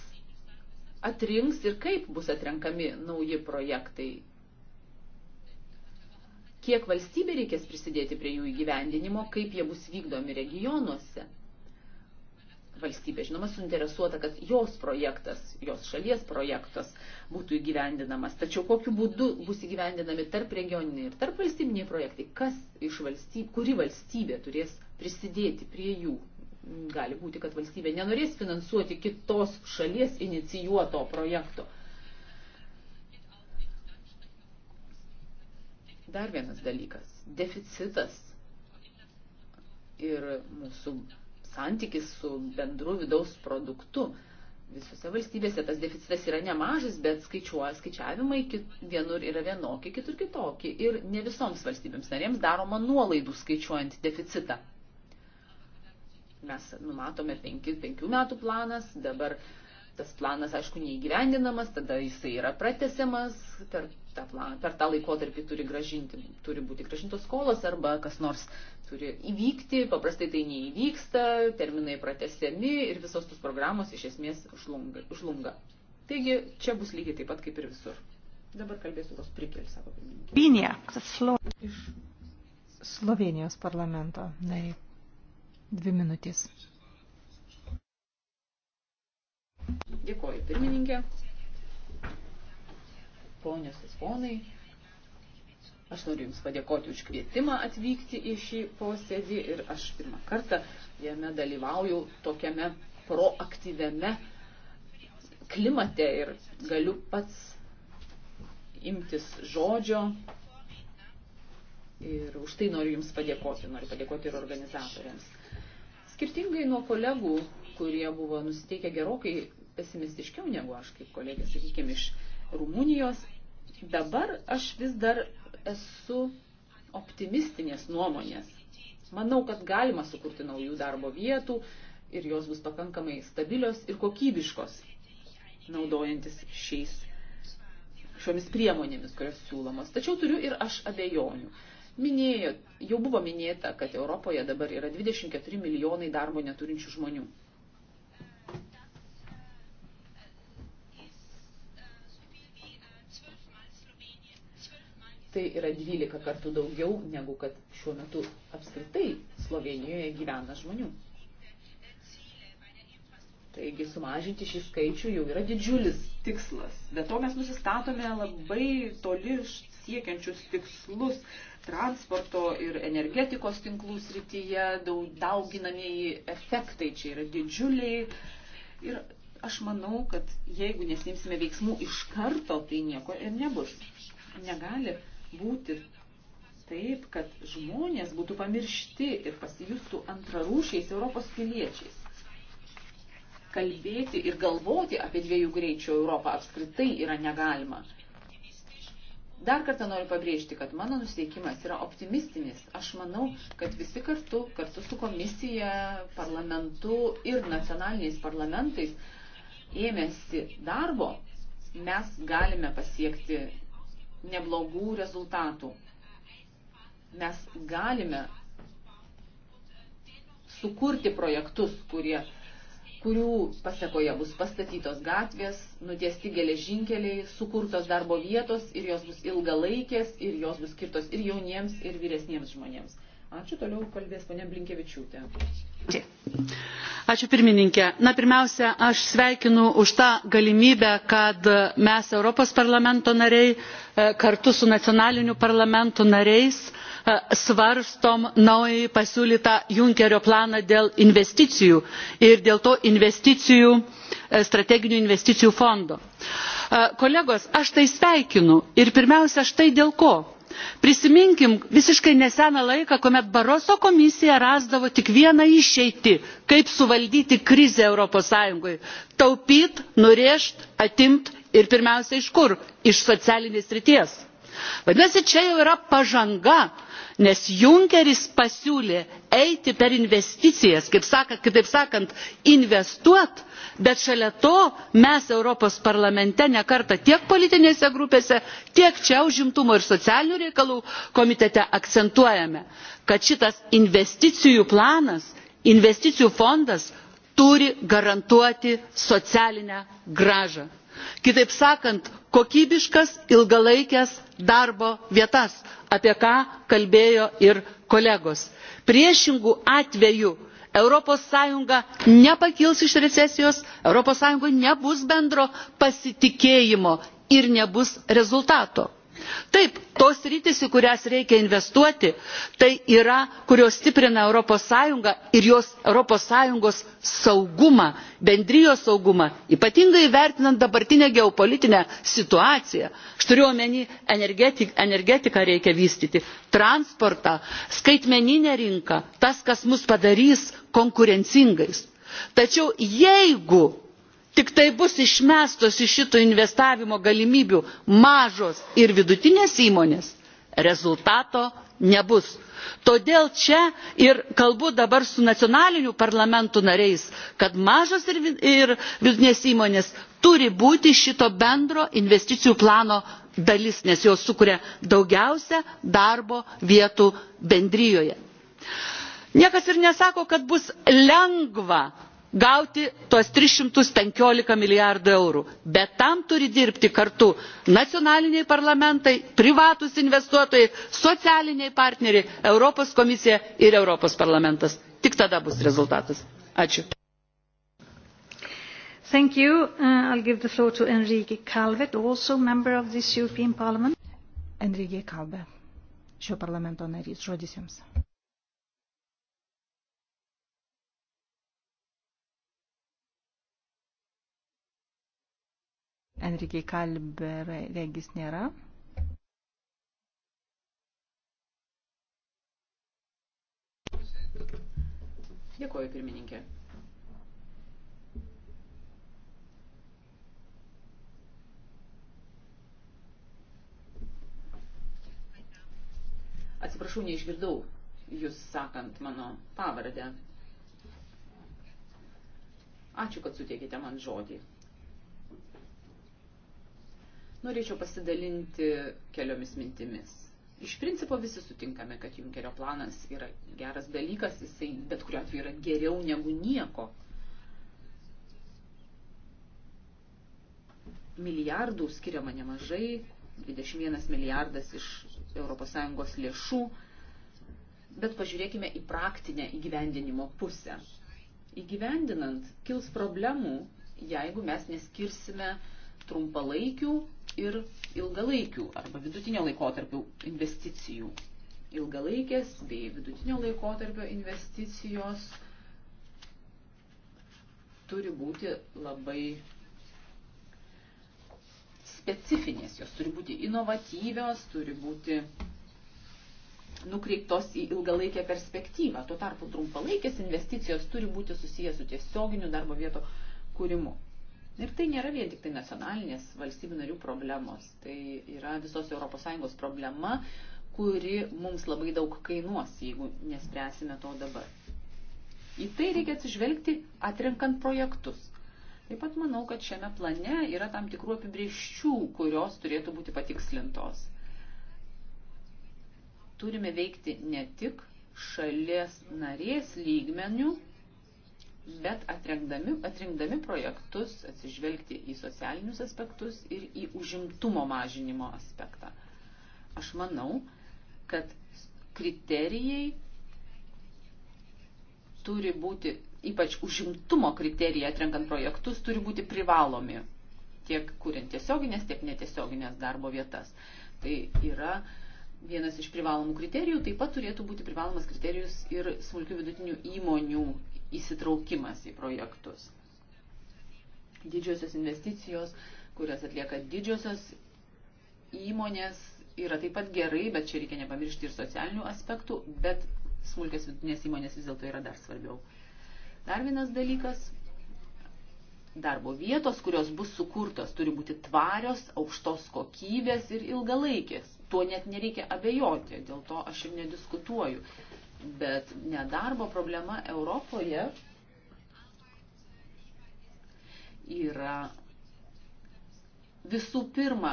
atrinks ir kaip bus atrenkami nauji projektai kiek valstybė reikės prisidėti prie jų įgyvendinimo, kaip jie bus vykdomi regionuose valstybė, žinoma, suinteresuota, kad jos projektas, jos šalies projektas būtų įgyvendinamas. Tačiau kokiu būdu bus įgyvendinami tarp regioniniai ir tarp valstybiniai projektai, kas iš valstyb, kuri valstybė turės prisidėti prie jų. Gali būti, kad valstybė nenorės finansuoti kitos šalies inicijuoto projekto. Dar vienas dalykas - deficitas ir mūsų santykis su bendru vidaus produktu. Visose valstybėse tas deficitas yra nemažas, bet skaičiuoja skaičiavimai kit, vienur yra vienokie, kitur kitokie. Ir ne visoms valstybėms narėms daroma nuolaidų skaičiuojant deficitą. Mes numatome 5 metų planas, dabar uh, Tas planas, aišku, neįgyvendinamas, tada jisai yra pratesiamas, per tą, plan, per tą laikotarpį turi, gražinti, turi būti gražintos skolos arba kas nors turi įvykti, paprastai tai neįvyksta, terminai pratesiami ir visos tos programos iš esmės žlunga. žlunga. Taigi čia bus lygiai taip pat kaip ir visur. Dabar kalbėsiu tos prikėl, sako pirmininkė. Vinija, Slo... iš Slovenijos parlamento. Taip. Dvi minutės. Dėkoju, pirmininkė. Ponios ir ponai, aš noriu Jums padėkoti už kvietimą atvykti į šį posėdį ir aš pirmą kartą jame dalyvauju tokiame proaktyviame klimate ir galiu pats imtis žodžio. Ir už tai noriu Jums padėkoti, noriu padėkoti ir organizatoriams. Skirtingai nuo kolegų, kurie buvo nusiteikę gerokai pesimistiškiau negu aš, kaip kolegė, sakykime, iš Rumunijos. Dabar aš vis dar esu optimistinės nuomonės. Manau, kad galima sukurti naujų darbo vietų ir jos bus pakankamai stabilios ir kokybiškos, naudojantis šiais, šiomis priemonėmis, kurios siūlomos. Tačiau turiu ir aš abejonių. Minėjo, jau buvo minėta, kad Europoje dabar yra 24 milijonai darbo neturinčių žmonių. Tai yra 12 kartų daugiau negu kad šiuo metu apskritai Slovenijoje gyvena žmonių. Taigi sumažinti šį skaičių jau yra didžiulis tikslas. Be to mes nusistatome labai toli siekiančius tikslus transporto ir energetikos tinklų srityje, dauginamieji efektai čia yra didžiuliai. Ir aš manau, kad jeigu nesimsime veiksmų iš karto, tai nieko ir nebus. Negali būti taip, kad žmonės būtų pamiršti ir pasijustų antrarūšiais Europos piliečiais. Kalbėti ir galvoti apie dviejų greičių Europą apskritai yra negalima. Dar kartą noriu pabrėžti, kad mano nusiteikimas yra optimistinis. Aš manau, kad visi kartu, kartu su komisija, parlamentu ir nacionaliniais parlamentais ėmėsi darbo, mes galime pasiekti neblogų rezultatų. Mes galime sukurti projektus, kurie, kurių pasakoje bus pastatytos gatvės, nutiesti geležinkeliai, sukurtos darbo vietos ir jos bus ilgalaikės ir jos bus skirtos ir jauniems, ir vyresniems žmonėms. Ačiū, toliau kalbės ponė Blinkevičiūtė. Ačiū pirmininkė. Na, pirmiausia, aš sveikinu už tą galimybę, kad mes Europos parlamento nariai e, kartu su nacionaliniu parlamentu nariais e, svarstom naujai pasiūlytą junkerio planą dėl investicijų ir dėl to investicijų e, strateginių investicijų fondo. kolegos aš tai sveikinu ir pirmiausia štai dėl ko prisiminkim visiškai neseną laiką kuomet baroso komisija rasdavo tik vieną išeitį kaip suvaldyti krizę europos sąjungoje taupyt nurėžt atimt ir pirmiausia iš kur iš socialinės srities vadinasi čia jau yra pažanga nes junkeris pasiūlė eiti per investicijas kaip sakant, kitaip sakant investuot bet šalia to mes europos parlamente ne kartą tiek politinėse grupėse tiek čia užimtumo ir socialinių reikalų komitete akcentuojame kad šitas investicijų planas investicijų fondas turi garantuoti socialinę grąžą kitaip sakant kokybiškas ilgalaikes darbo vietas apie ką kalbėjo ir kolegos. priešingu atveju europos sąjunga nepakils iš recesijos europos sąjungoje nebus bendro pasitikėjimo ir nebus rezultato. Taip, tos rytis, į kurias reikia investuoti, tai yra, kurios stiprina ES ir jos ES saugumą, bendrijos saugumą, ypatingai vertinant dabartinę geopolitinę situaciją. Aš turiu omeny, energetik, energetiką reikia vystyti, transportą, skaitmeninę rinką, tas, kas mus padarys konkurencingais. Tačiau jeigu tik tai bus išmestos iš šito investavimo galimybių mažos ir vidutinės įmonės, rezultato nebus. Todėl čia ir kalbu dabar su nacionalinių parlamentų nariais, kad mažos ir vidutinės įmonės turi būti šito bendro investicijų plano dalis, nes jos sukuria daugiausia darbo vietų bendryjoje. Niekas ir nesako, kad bus lengva gauti tuos 315 milijardų eurų. Bet tam turi dirbti kartu nacionaliniai parlamentai, privatus investuotojai, socialiniai partneriai, Europos komisija ir Europos parlamentas. Tik tada bus rezultatas. Ačiū. Thank you. Uh, I'll give the floor to Enrique Calvet, also member of this European Parliament. Enrique Calvet, šio parlamento narys. Žodis jums. Enrikiai Kalber regis nėra. Dėkuoju, pirmininkė. Atsiprašau, neišgirdau jūs sakant mano pavardę. Ačiū, kad suteikėte man žodį. Norėčiau pasidalinti keliomis mintimis. Iš principo visi sutinkame, kad Junkerio planas yra geras dalykas, jisai bet kuriuo atveju yra geriau negu nieko. Milijardų skiriama nemažai, 21 milijardas iš ES lėšų, bet pažiūrėkime į praktinę įgyvendinimo pusę. Įgyvendinant kils problemų, jeigu mes neskirsime trumpalaikių ir ilgalaikių arba vidutinio laikotarpio investicijų. Ilgalaikės bei vidutinio laikotarpio investicijos turi būti labai specifinės, jos turi būti inovatyvios, turi būti nukreiptos į ilgalaikę perspektyvą. Tuo tarpu trumpalaikės investicijos turi būti susijęs su tiesioginiu darbo vieto kūrimu. Ir tai nėra vien tik tai nacionalinės valstybių narių problemos, tai yra visos ES problema, kuri mums labai daug kainuos, jeigu nespręsime to dabar. Į tai reikia atsižvelgti atrenkant projektus. Taip pat manau, kad šiame plane yra tam tikrų apibrieščių, kurios turėtų būti patikslintos. Turime veikti ne tik šalies narės lygmenių, bet atrenkdami, atrinkdami projektus atsižvelgti į socialinius aspektus ir į užimtumo mažinimo aspektą. Aš manau, kad kriterijai turi būti, ypač užimtumo kriterijai atrenkant projektus, turi būti privalomi tiek kuriant tiesioginės, tiek netiesioginės darbo vietas. Tai yra vienas iš privalomų kriterijų, taip pat turėtų būti privalomas kriterijus ir smulkių vidutinių įmonių įsitraukimas į projektus. Didžiosios investicijos, kurias atlieka didžiosios įmonės, yra taip pat gerai, bet čia reikia nepamiršti ir socialinių aspektų, bet smulkės vidutinės įmonės vis dėlto yra dar svarbiau. Dar vienas dalykas darbo vietos, kurios bus sukurtos, turi būti tvarios, aukštos kokybės ir ilgalaikės. Tuo net nereikia abejoti, dėl to aš ir nediskutuoju bet nedarbo problema Europoje yra visų pirma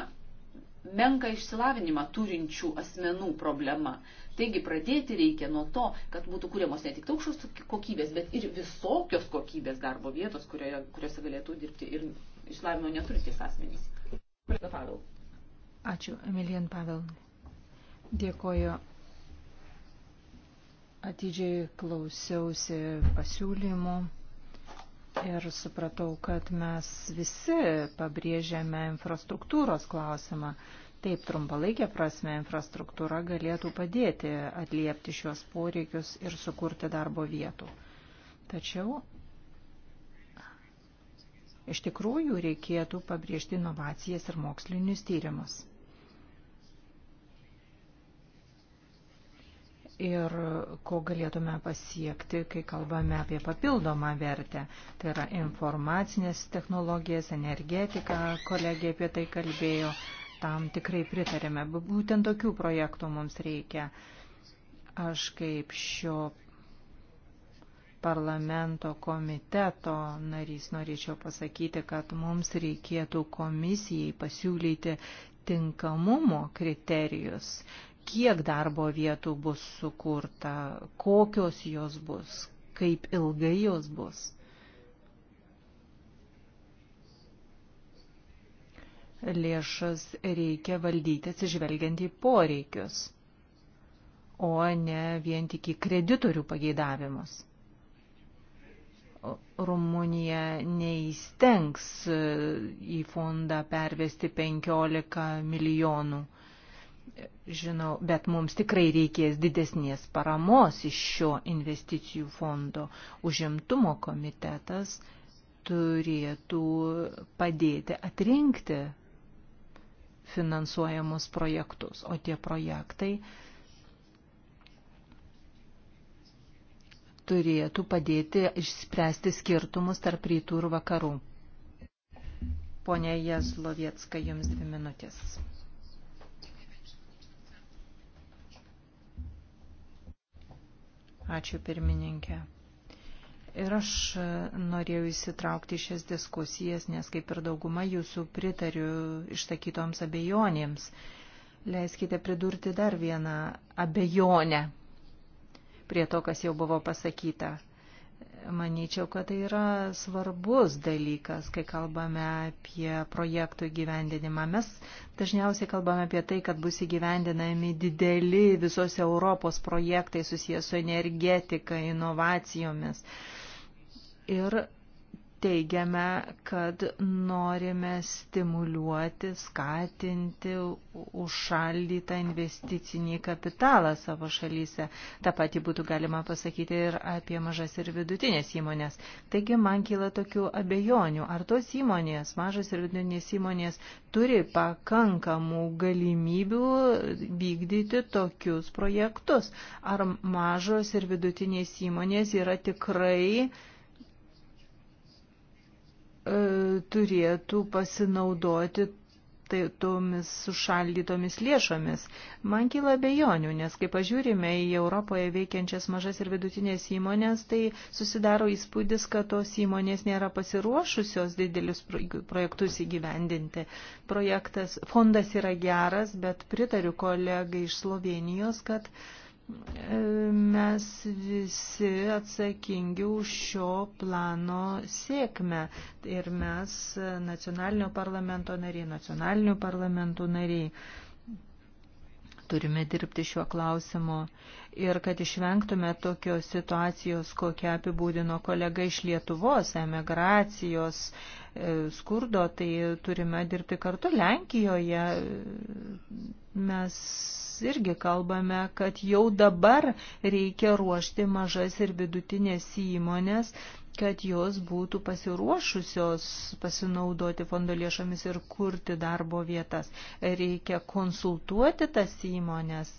menka išsilavinimą turinčių asmenų problema. Taigi pradėti reikia nuo to, kad būtų kūriamos ne tik aukštos kokybės, bet ir visokios kokybės darbo vietos, kurioje, kuriuose galėtų dirbti ir išsilavinimo neturintys asmenys. Ačiū, Emilijan Pavel. Dėkoju atidžiai klausiausi pasiūlymų ir supratau, kad mes visi pabrėžiame infrastruktūros klausimą. Taip, trumpalaikė prasme infrastruktūra galėtų padėti atliepti šios poreikius ir sukurti darbo vietų. Tačiau iš tikrųjų reikėtų pabrėžti inovacijas ir mokslinius tyrimus. ir ko galėtume pasiekti, kai kalbame apie papildomą vertę. Tai yra informacinės technologijas, energetika, kolegija apie tai kalbėjo, tam tikrai pritarėme. Būtent tokių projektų mums reikia. Aš kaip šio parlamento komiteto narys norėčiau pasakyti, kad mums reikėtų komisijai pasiūlyti tinkamumo kriterijus kiek darbo vietų bus sukurta, kokios jos bus, kaip ilgai jos bus. lėšas reikia valdyti atsižvelgiant į poreikius, o ne vien tik į kreditorių pageidavimus. Rumunija neįstengs į fondą pervesti 15 milijonų žinau, bet mums tikrai reikės didesnės paramos iš šio investicijų fondo. Užimtumo komitetas turėtų padėti atrinkti finansuojamus projektus, o tie projektai turėtų padėti išspręsti skirtumus tarp rytų ir vakarų. Pone Jezlovietska, jums dvi minutės. Ačiū pirmininkė. Ir aš norėjau įsitraukti šias diskusijas, nes kaip ir dauguma jūsų pritariu išsakytoms abejonėms. Leiskite pridurti dar vieną abejonę prie to, kas jau buvo pasakyta. Manyčiau, kad tai yra svarbus dalykas, kai kalbame apie projektų įgyvendinimą. Mes dažniausiai kalbame apie tai, kad bus įgyvendinami dideli visos Europos projektai susijęs su energetika, inovacijomis. Ir teigiame, kad norime stimuliuoti, skatinti užšaldytą investicinį kapitalą savo šalyse. Ta pati būtų galima pasakyti ir apie mažas ir vidutinės įmonės. Taigi man kyla tokių abejonių, ar tos įmonės, mažas ir vidutinės įmonės, turi pakankamų galimybių vykdyti tokius projektus. Ar mažos ir vidutinės įmonės yra tikrai E, turėtų pasinaudoti tai, tomis sušaldytomis lėšomis. Man kyla bejonių, nes kai pažiūrime į Europoje veikiančias mažas ir vidutinės įmonės, tai susidaro įspūdis, kad tos įmonės nėra pasiruošusios didelius projektus įgyvendinti. Projektas, fondas yra geras, bet pritariu kolegai iš Slovenijos, kad uh, mes visi atsakingi už šio plano sėkmę. Ir mes nacionalinio parlamento nariai, nacionalinių parlamentų nariai turime dirbti šiuo klausimu ir kad išvengtume tokios situacijos, kokią apibūdino kolega iš Lietuvos, emigracijos, e, skurdo, tai turime dirbti kartu Lenkijoje. E, mes irgi kalbame, kad jau dabar reikia ruošti mažas ir vidutinės įmonės kad jos būtų pasiruošusios pasinaudoti fondo lėšomis ir kurti darbo vietas. Reikia konsultuoti tas įmonės.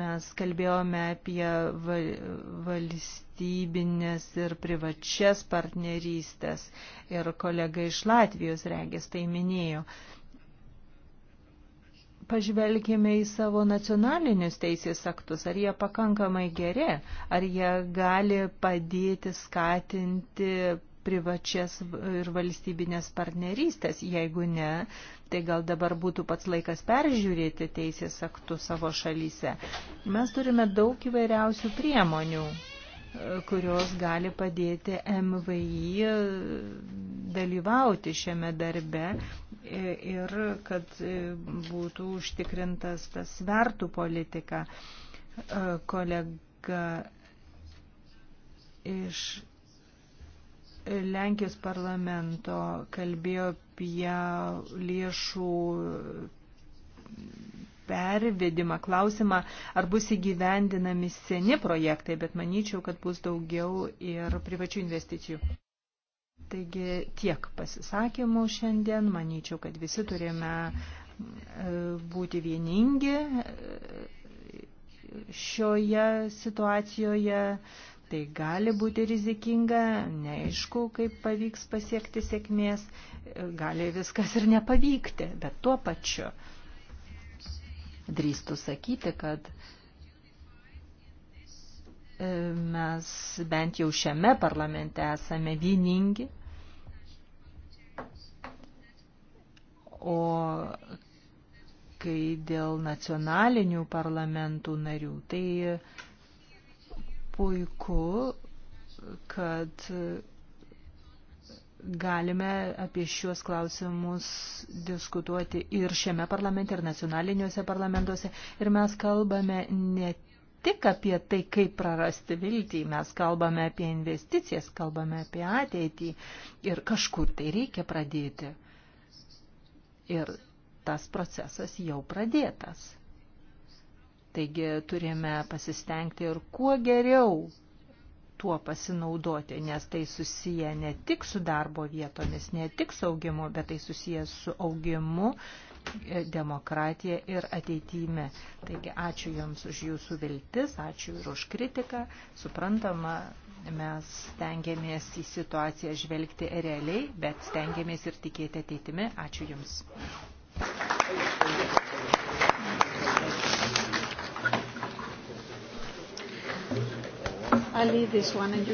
Mes kalbėjome apie valstybinės ir privačias partnerystės ir kolega iš Latvijos regės tai minėjo pažvelgime į savo nacionalinius teisės aktus, ar jie pakankamai geri, ar jie gali padėti skatinti privačias ir valstybinės partnerystės. Jeigu ne, tai gal dabar būtų pats laikas peržiūrėti teisės aktų savo šalyse. Mes turime daug įvairiausių priemonių kurios gali padėti MVI dalyvauti šiame darbe ir kad būtų užtikrintas tas svertų politika. Kolega iš Lenkijos parlamento kalbėjo apie lėšų pervedimą, klausimą, ar bus įgyvendinami seni projektai, bet manyčiau, kad bus daugiau ir privačių investicijų. Taigi tiek pasisakymų šiandien, manyčiau, kad visi turime e, būti vieningi e, šioje situacijoje. Tai gali būti rizikinga, neaišku, kaip pavyks pasiekti sėkmės, e, gali viskas ir nepavykti, bet tuo pačiu drįstų sakyti, kad e, mes bent jau šiame parlamente esame vieningi. O kai dėl nacionalinių parlamentų narių, tai puiku, kad galime apie šiuos klausimus diskutuoti ir šiame parlamente, ir nacionaliniuose parlamentuose. Ir mes kalbame ne tik apie tai, kaip prarasti viltį, mes kalbame apie investicijas, kalbame apie ateitį ir kažkur tai reikia pradėti. Ir tas procesas jau pradėtas. Taigi turime pasistengti ir kuo geriau tuo pasinaudoti, nes tai susiję ne tik su darbo vietomis, ne tik su augimu, bet tai susiję su augimu, e, demokratija ir ateityme. Taigi ačiū Jums už Jūsų viltis, ačiū ir už kritiką. Suprantama, mes stengiamės į situaciją žvelgti realiai, bet stengiamės ir tikėti ateitimi. Ačiū Jums. Thank you. I'll leave this one and you